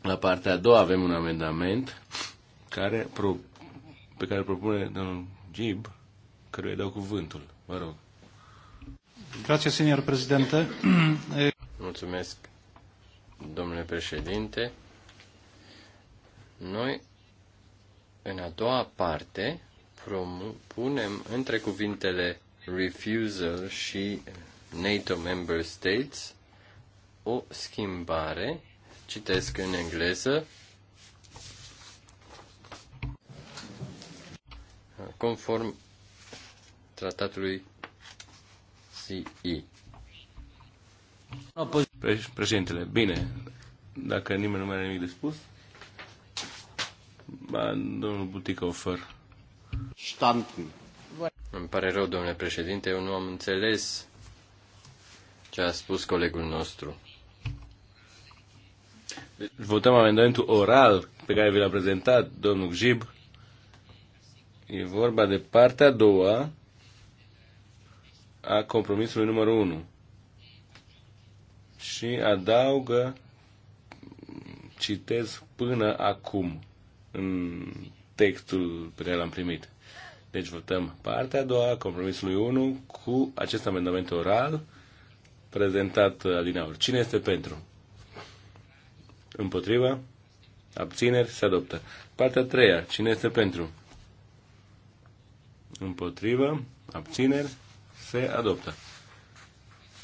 La partea a doua avem un amendament care pro, pe care propune domnul Gib, căruia îi dau cuvântul. Vă rog. Grazie, signor președinte. Mulțumesc, domnule președinte. Noi, în a doua parte, propunem între cuvintele refusal și NATO member states o schimbare, citesc în engleză, conform tratatului CE. președintele, bine, dacă nimeni nu mai are nimic de spus, ba, domnul Butică ofer. Standen. Îmi pare rău, domnule președinte, eu nu am înțeles ce a spus colegul nostru. Votăm amendamentul oral pe care vi l-a prezentat domnul Gjib. E vorba de partea a doua a compromisului numărul 1. Și adaugă, citez până acum, în textul pe care l-am primit. Deci votăm partea a doua, compromisului 1, cu acest amendament oral prezentat uh, adineauri. Cine este pentru? Împotriva? Abțineri? Se adoptă. Partea a treia. Cine este pentru? Împotrivă? Abțineri? Se adoptă.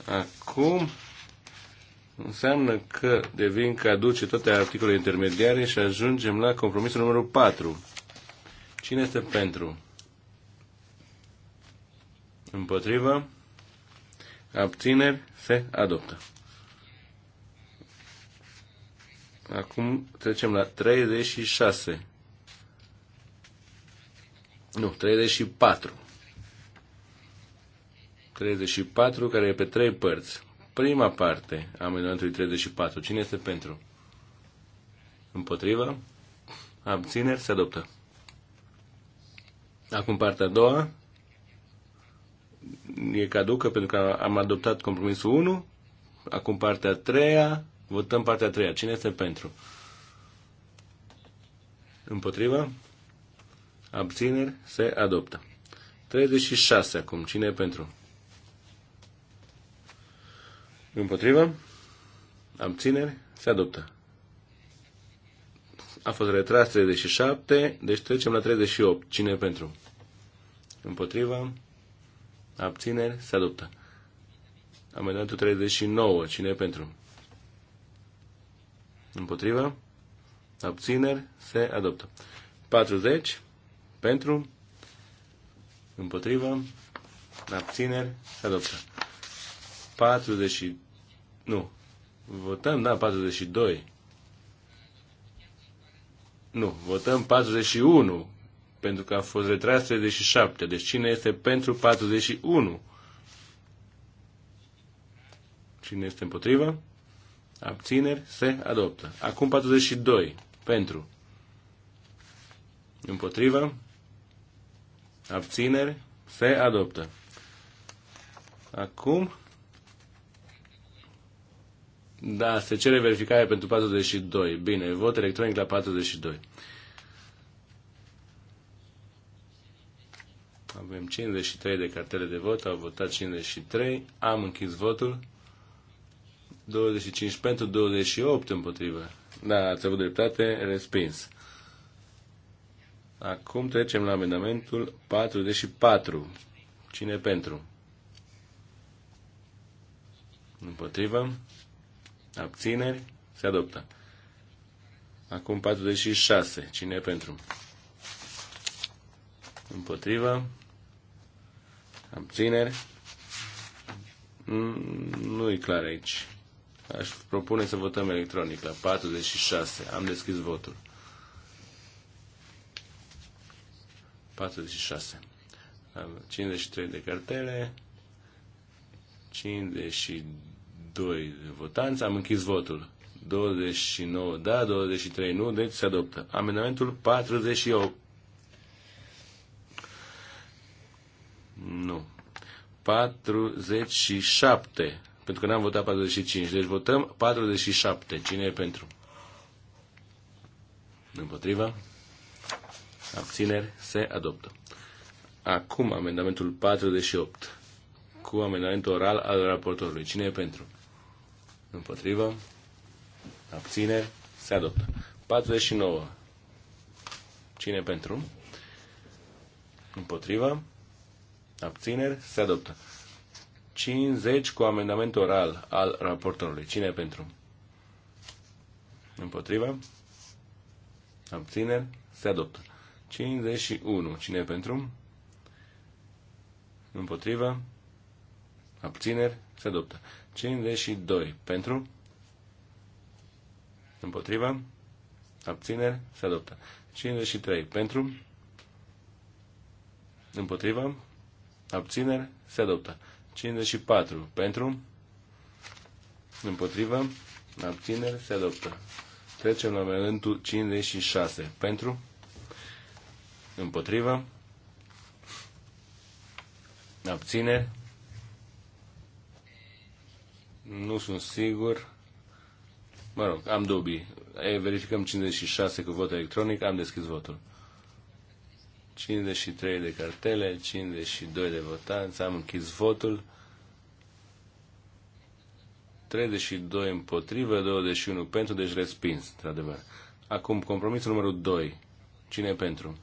Acum înseamnă că devin aduce toate articolele intermediare și ajungem la compromisul numărul 4. Cine este pentru? Împotrivă? Abțineri? Se adoptă. Acum trecem la 36. Nu, 34. 34, care e pe trei părți. Prima parte a amendamentului 34. Cine este pentru? Împotrivă? Abțineri? Se adoptă. Acum partea a doua e caducă pentru că am adoptat compromisul 1. Acum partea a treia. Votăm partea a treia. Cine este pentru? Împotriva? Abțineri? Se adoptă. 36 acum. Cine e pentru? Împotriva? Abțineri? Se adoptă. A fost retras 37, deci trecem la 38. Cine e pentru? Împotriva. Abțineri. Se adoptă. Amendamentul 39. Cine e pentru? Împotriva. Abțineri. Se adoptă. 40. Pentru. Împotriva. Abțineri. Se adoptă. 40. Nu. Votăm, da, 42. Nu, votăm 41 pentru că a fost retras 37. Deci cine este pentru 41? Cine este împotrivă? Abțineri se adoptă. Acum 42. Pentru. Împotrivă. Abțineri se adoptă. Acum. Da, se cere verificare pentru 42. Bine, vot electronic la 42. Avem 53 de cartele de vot, au votat 53, am închis votul. 25 pentru, 28 împotrivă. Da, ați avut dreptate, respins. Acum trecem la amendamentul 44. Cine pentru? Împotrivă? Abțineri? Se adoptă. Acum 46. Cine pentru? Împotrivă? Abțineri? Mm, nu e clar aici. Aș propune să votăm electronic la 46. Am deschis votul. 46. Am 53 de cartele. 52 de votanți. Am închis votul. 29 da, 23 nu, deci se adoptă. Amendamentul 48. Nu. 47. Pentru că n-am votat 45. Deci votăm 47. Cine e pentru? Împotriva? Abțineri? Se adoptă. Acum amendamentul 48. Cu amendamentul oral al raportorului. Cine e pentru? Împotriva? Abțineri? Se adoptă. 49. Cine e pentru? Împotriva? Abțineri? Se adoptă. 50 cu amendament oral al raportorului. Cine e pentru? Împotriva? Abțineri? Se adoptă. 51. Cine e pentru? Împotriva? Abțineri? Se adoptă. 52. Pentru? Împotriva? Abțineri? Se adoptă. 53. Pentru? Împotriva? Abțineri? Se adoptă. 54. Pentru? Împotrivă? Abțineri? Se adoptă. Trecem la amendamentul 56. Pentru? Împotrivă? Abțineri? Nu sunt sigur. Mă rog, am dubii. Verificăm 56 cu vot electronic. Am deschis votul. 53 de cartele, 52 de votanți, am închis votul. 32 împotrivă, 21 pentru, deci respins, într-adevăr. Acum, compromisul numărul 2. Cine e pentru?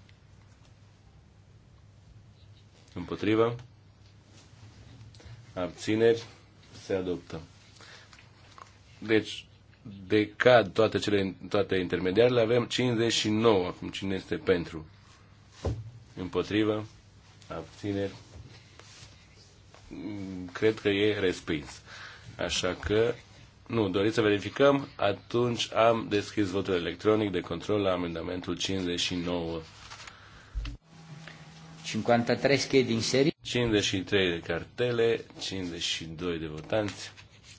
Împotrivă? Abțineri? Se adoptă. Deci, decad toate, cele, toate intermediarele, avem 59. Acum, cine este pentru? împotrivă, abțineri, cred că e respins. Așa că, nu, doriți să verificăm? Atunci am deschis votul electronic de control la amendamentul 59. 53 schede din serie. 53 de cartele, 52 de votanți.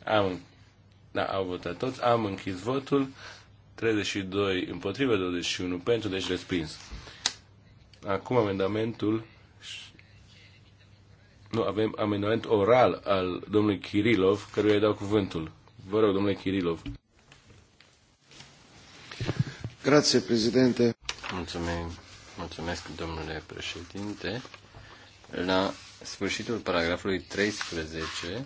Am, da, au votat toți, am închis votul, 32 împotrivă, 21 pentru, deci respins. Acum amendamentul nu, avem amendament oral al domnului Kirilov, căruia îi dau cuvântul. Vă rog, domnule Kirilov. Grație, președinte. Mulțumim. Mulțumesc, domnule președinte. La sfârșitul paragrafului 13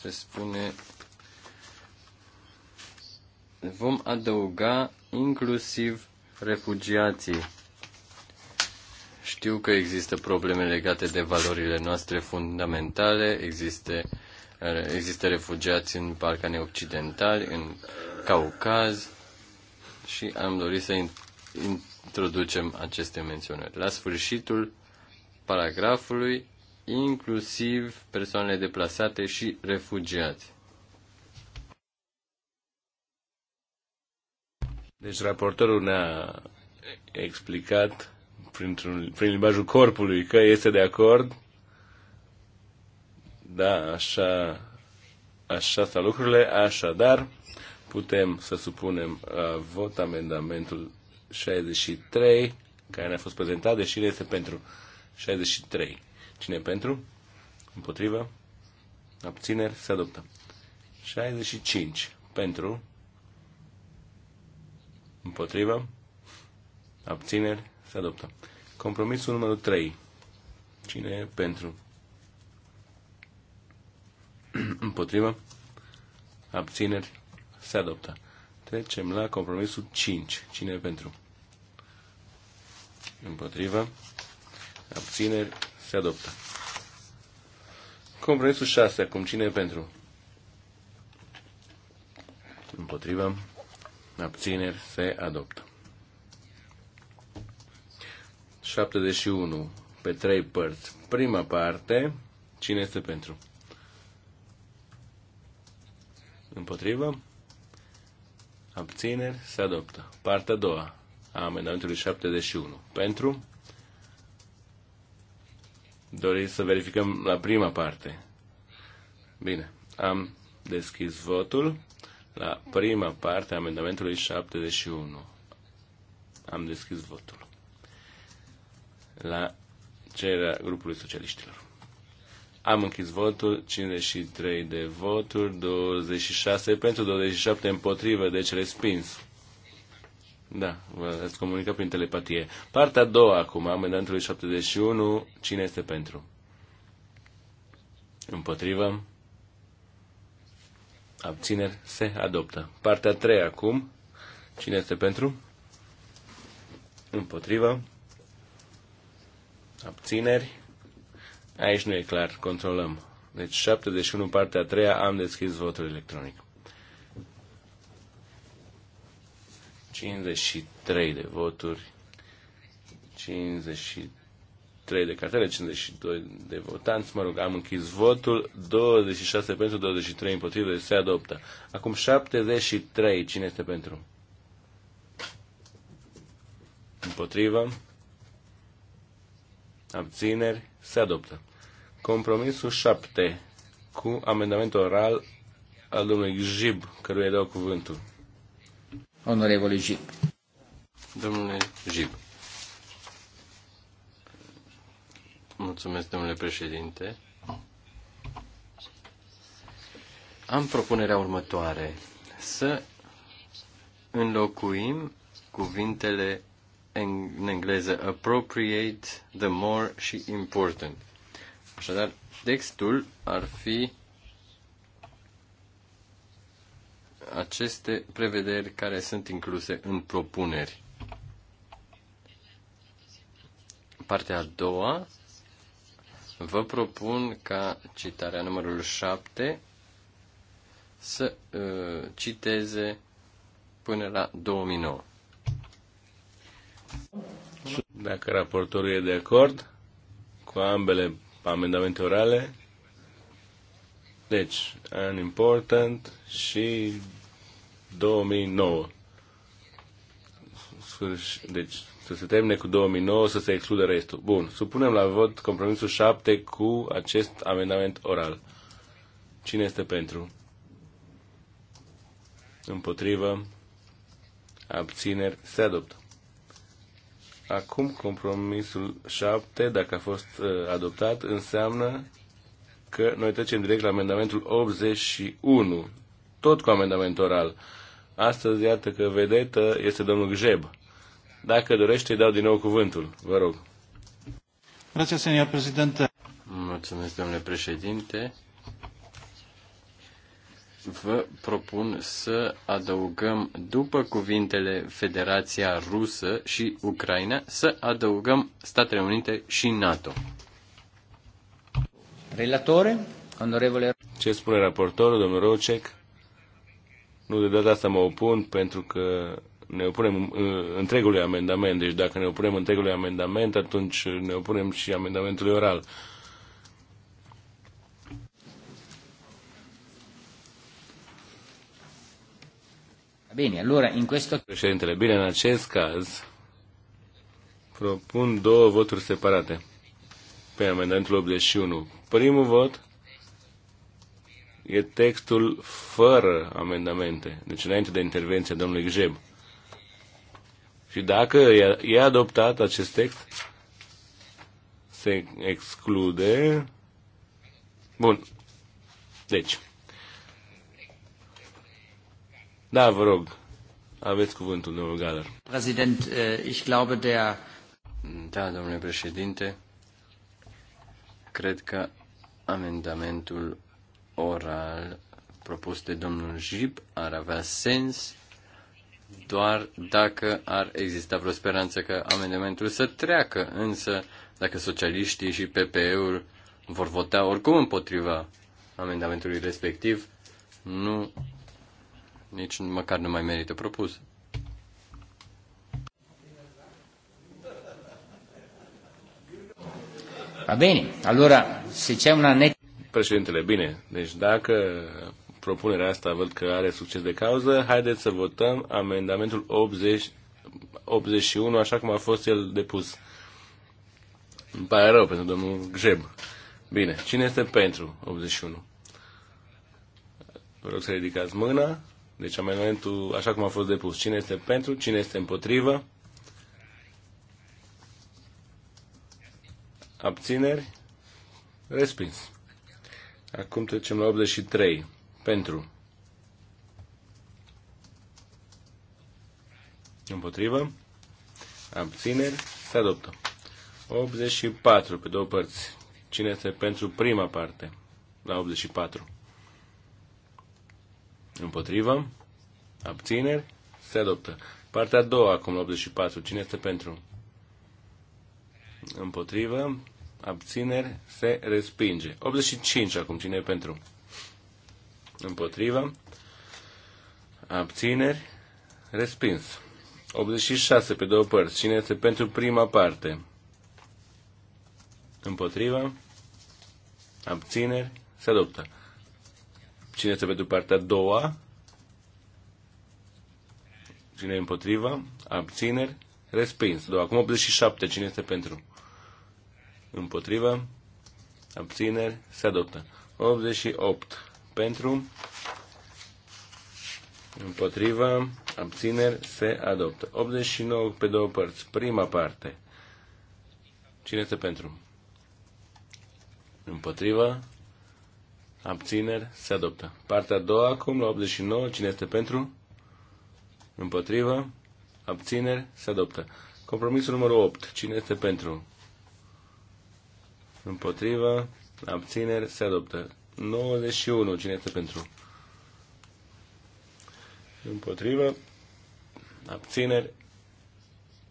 se spune vom adăuga inclusiv refugiații. Știu că există probleme legate de valorile noastre fundamentale, există, există refugiați în Balcanii Occidentali, în Caucaz și am dorit să introducem aceste menționări. La sfârșitul paragrafului, inclusiv persoanele deplasate și refugiați. Deci raportorul ne-a explicat printr-un, prin limbajul corpului că este de acord. Da, așa, așa stau lucrurile. Așadar, putem să supunem la uh, vot amendamentul 63 care ne-a fost prezentat, deși este pentru 63. Cine pentru? Împotrivă? Abțineri? Se adoptă. 65. Pentru? Împotrivă. Abțineri. Se adoptă. Compromisul numărul 3. Cine e pentru? Împotrivă. Abțineri. Se adoptă. Trecem la compromisul 5. Cine e pentru? Împotrivă. Abțineri. Se adoptă. Compromisul 6. Acum cine e pentru? Împotrivă abțineri, se adoptă. 71 pe trei părți. Prima parte, cine este pentru? Împotrivă? Abțineri? Se adoptă. Partea a doua a amendamentului 71. Pentru? Doriți să verificăm la prima parte. Bine. Am deschis votul la prima parte a amendamentului 71. Am deschis votul. La cererea grupului socialiștilor. Am închis votul, 53 de voturi, 26 pentru, 27 împotrivă, deci respins. Da, vă ați comunicat prin telepatie. Partea a doua acum, amendamentului 71, cine este pentru? Împotrivă? Abțineri se adoptă. Partea a treia acum. Cine este pentru? Împotrivă. Abțineri. Aici nu e clar. Controlăm. Deci 71, partea a treia, am deschis votul electronic. 53 de voturi. 53 3 de cartele, 52 de votanți, mă rog, am închis votul, 26 pentru, 23 împotrivă, se adoptă. Acum 73, cine este pentru? Împotrivă, abțineri, se adoptă. Compromisul 7, cu amendament oral al domnului Jib, căruia dau cuvântul. Onorevole Jib. Domnule Jib. Mulțumesc, domnule președinte. Am propunerea următoare. Să înlocuim cuvintele în engleză appropriate, the more și important. Așadar, textul ar fi aceste prevederi care sunt incluse în propuneri. Partea a doua Vă propun ca citarea numărul 7 să uh, citeze până la 2009. Dacă raportorul e de acord cu ambele amendamente orale, deci, an important și 2009. Deci, să se termine cu 2009, să se exclude restul. Bun, supunem la vot compromisul 7 cu acest amendament oral. Cine este pentru? Împotrivă? Abțineri? Se adoptă. Acum compromisul 7, dacă a fost uh, adoptat, înseamnă că noi trecem direct la amendamentul 81, tot cu amendament oral. Astăzi, iată că vedetă este domnul Gjeb. Dacă dorește, îi dau din nou cuvântul. Vă rog. Grazie, señor Mulțumesc, domnule președinte. Vă propun să adăugăm, după cuvintele Federația Rusă și Ucraina, să adăugăm Statele Unite și NATO. Relatore, onorevole... Ce spune raportorul, domnul Rocek? Nu, de data asta mă opun pentru că ne opunem uh, întregului amendament. Deci dacă ne opunem întregului amendament, atunci ne opunem și amendamentului oral. Bine, allora in questo... Președintele, bine, în acest caz propun două voturi separate pe amendamentul 81. Primul vot e textul fără amendamente, deci înainte de intervenția domnului Gjeb. Și dacă e adoptat acest text, se exclude. Bun. Deci. Da, vă rog. Aveți cuvântul, domnul Galer. Prezident, eh, ich glaube der... Da, domnule președinte, cred că amendamentul oral propus de domnul Jib ar avea sens doar dacă ar exista vreo speranță că amendamentul să treacă, însă dacă socialiștii și PPE-ul vor vota oricum împotriva amendamentului respectiv, nu, nici măcar nu mai merită propus. Va bine, allora se c'è una net... Președintele, bine, deci dacă propunerea asta văd că are succes de cauză. Haideți să votăm amendamentul 80, 81, așa cum a fost el depus. Îmi pare rău pentru domnul Greb. Bine, cine este pentru 81? Vă rog să ridicați mâna. Deci amendamentul, așa cum a fost depus, cine este pentru, cine este împotrivă? Abțineri? Respins. Acum trecem la 83. Pentru. Împotrivă. Abțineri. Se adoptă. 84 pe două părți. Cine este pentru prima parte? La 84. Împotrivă. Abțineri. Se adoptă. Partea a doua, acum la 84. Cine este pentru? Împotrivă. Abțineri. Se respinge. 85 acum. Cine e pentru? Împotrivă. Abțineri. Respins. 86 pe două părți. Cine este pentru prima parte? Împotrivă. Abțineri. Se adoptă. Cine este pentru partea a doua? Cine e împotrivă? Abțineri. Respins. Doua. Acum 87. Cine este pentru? Împotrivă. Abțineri. Se adoptă. 88 pentru, împotriva, abțineri, se adoptă. 89 pe două părți. Prima parte. Cine este pentru? Împotriva, abțineri, se adoptă. Partea a doua acum, la 89, cine este pentru? Împotriva, abțineri, se adoptă. Compromisul numărul 8. Cine este pentru? Împotriva, abțineri, se adoptă. 91. Cine este pentru? Împotrivă. Abțineri.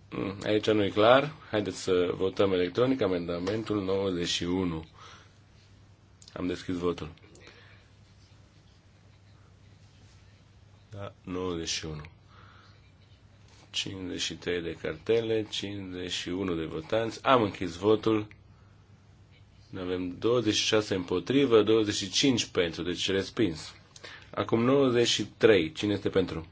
Mm, aici nu e clar. Haideți să votăm electronic amendamentul 91. Am deschis votul. Da, 91. 53 de cartele, 51 de votanți. Am închis votul. Avem 26 împotrivă, 25 pentru, deci respins. Acum 93. Cine este pentru?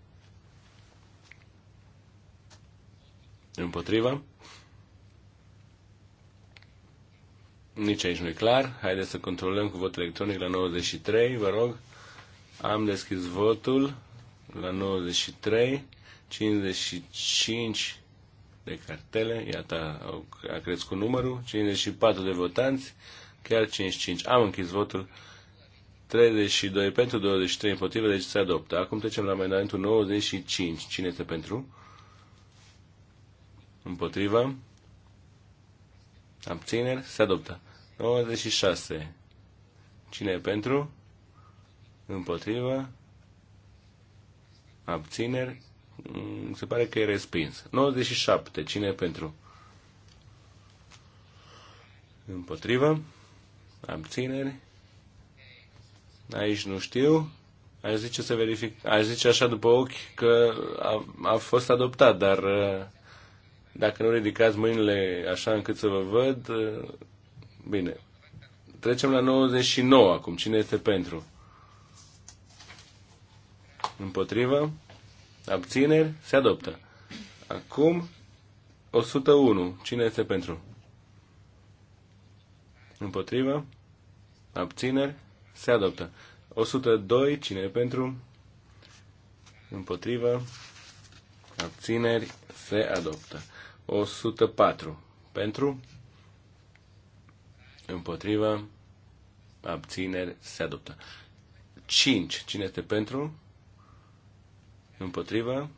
Împotriva? Nici aici nu e clar. Haideți să controlăm cu vot electronic la 93, vă rog. Am deschis votul la 93, 55 de cartele, iată, a crescut numărul, 54 de votanți, chiar 55. Am închis votul 32 pentru, 23 împotrivă, deci se adoptă. Acum trecem la amendamentul 95. Cine este pentru? Împotrivă? Abțineri? Se adoptă. 96. Cine e pentru? Împotrivă? Abțineri? Mm, se pare că e respins. 97. Cine e pentru? Împotrivă. Abțineri. Aici nu știu. Aș zice să verific. Aș zice așa după ochi că a, a fost adoptat, dar uh, dacă nu ridicați mâinile așa încât să vă văd, uh, bine. Trecem la 99 acum. Cine este pentru? Împotrivă? Abțineri? Se adoptă. Acum, 101. Cine este pentru? Împotrivă? Abțineri? Se adoptă. 102. Cine e pentru? Împotrivă? Abțineri? Se adoptă. 104. Pentru? Împotrivă? Abțineri? Se adoptă. 5. Cine este pentru? Împotriva.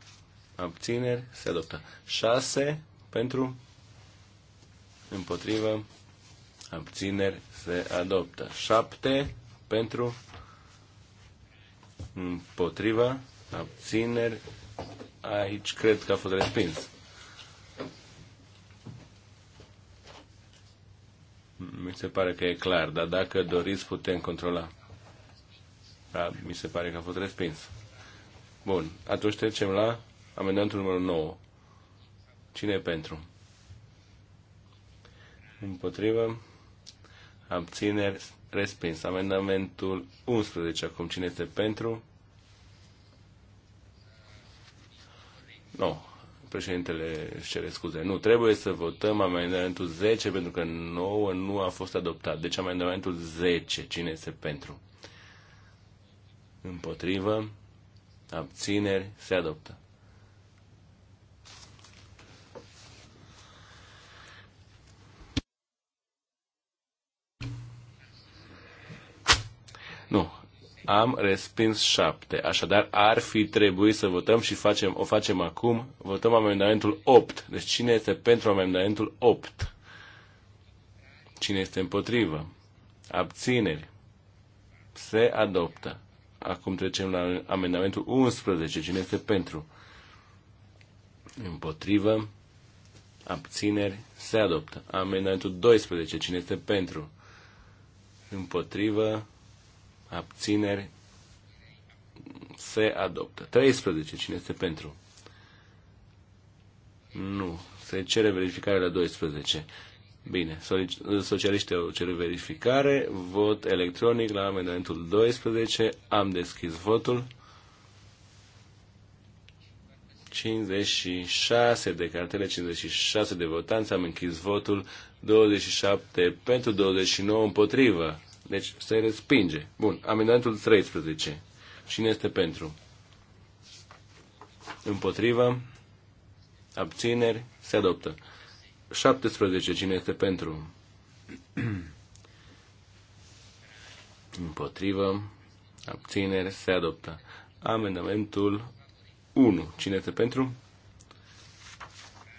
Abțineri. Se adoptă. 6 pentru. Împotriva. Abțineri. Se adoptă. 7 pentru. Împotriva. Abțineri. Aici cred că a fost respins. Mi se pare că e clar, dar dacă doriți putem controla. Da, mi se pare că a fost respins. Bun. Atunci trecem la amendamentul numărul 9. Cine e pentru? Împotrivă. Abțineri. Respins. Amendamentul 11. Acum cine este pentru? Nu. No. Președintele își cere scuze. Nu, trebuie să votăm amendamentul 10 pentru că 9 nu a fost adoptat. Deci amendamentul 10. Cine este pentru? Împotrivă abțineri, se adoptă. Nu, am respins șapte. Așadar, ar fi trebuit să votăm și facem, o facem acum. Votăm amendamentul 8. Deci cine este pentru amendamentul 8? Cine este împotrivă? Abțineri. Se adoptă. Acum trecem la amendamentul 11. Cine este pentru? Împotrivă. Abțineri. Se adoptă. Amendamentul 12. Cine este pentru? Împotrivă. Abțineri. Se adoptă. 13. Cine este pentru? Nu. Se cere verificare la 12. Bine, socialiștii au cerut verificare, vot electronic la amendamentul 12, am deschis votul. 56 de cartele, 56 de votanți, am închis votul, 27 pentru, 29 împotrivă. Deci se respinge. Bun, amendamentul 13. Cine este pentru? Împotrivă? Abțineri? Se adoptă. 17. Cine este pentru? Împotrivă. Abțineri. Se adoptă. Amendamentul 1. Cine este pentru?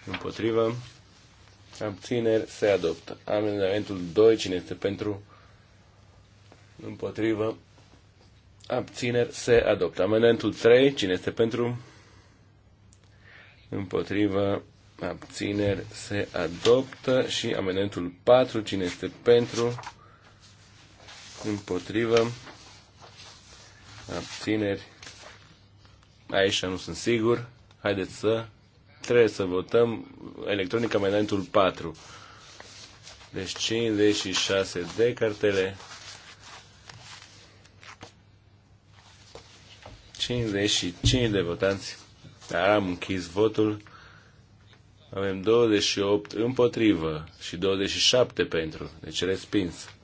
Împotrivă. Abțineri. Se adoptă. Amendamentul 2. Cine este pentru? Împotrivă. Abțineri. Se adoptă. Amendamentul 3. Cine este pentru? Împotrivă abțineri se adoptă și amendamentul 4, cine este pentru, împotrivă, abțineri, aici nu sunt sigur, haideți să, trebuie să votăm electronic amendamentul 4. Deci 56 de cartele, 55 de votanți, dar am închis votul avem 28 împotrivă și 27 pentru. Deci respins.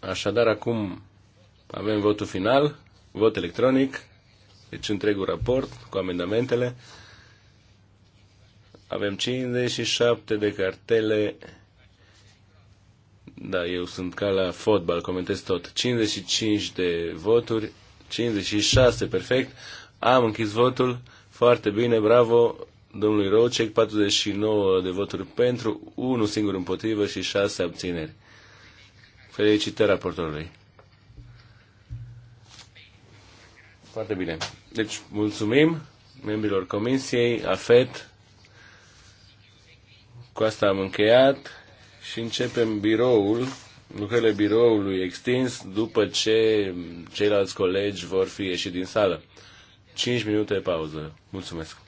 Așadar, acum avem votul final, vot electronic, deci întregul raport cu amendamentele. Avem 57 de cartele. Da, eu sunt ca la fotbal, comentez tot. 55 de voturi, 56 perfect. Am închis votul. Foarte bine, bravo domnului Rocek, 49 de voturi pentru, 1 singur împotrivă și 6 abțineri. Felicitări raportorului. Foarte bine. Deci, mulțumim membrilor comisiei, AFET. Cu asta am încheiat și începem biroul, lucrările biroului extins după ce ceilalți colegi vor fi ieșit din sală. 5 minute de pauză. Mulțumesc!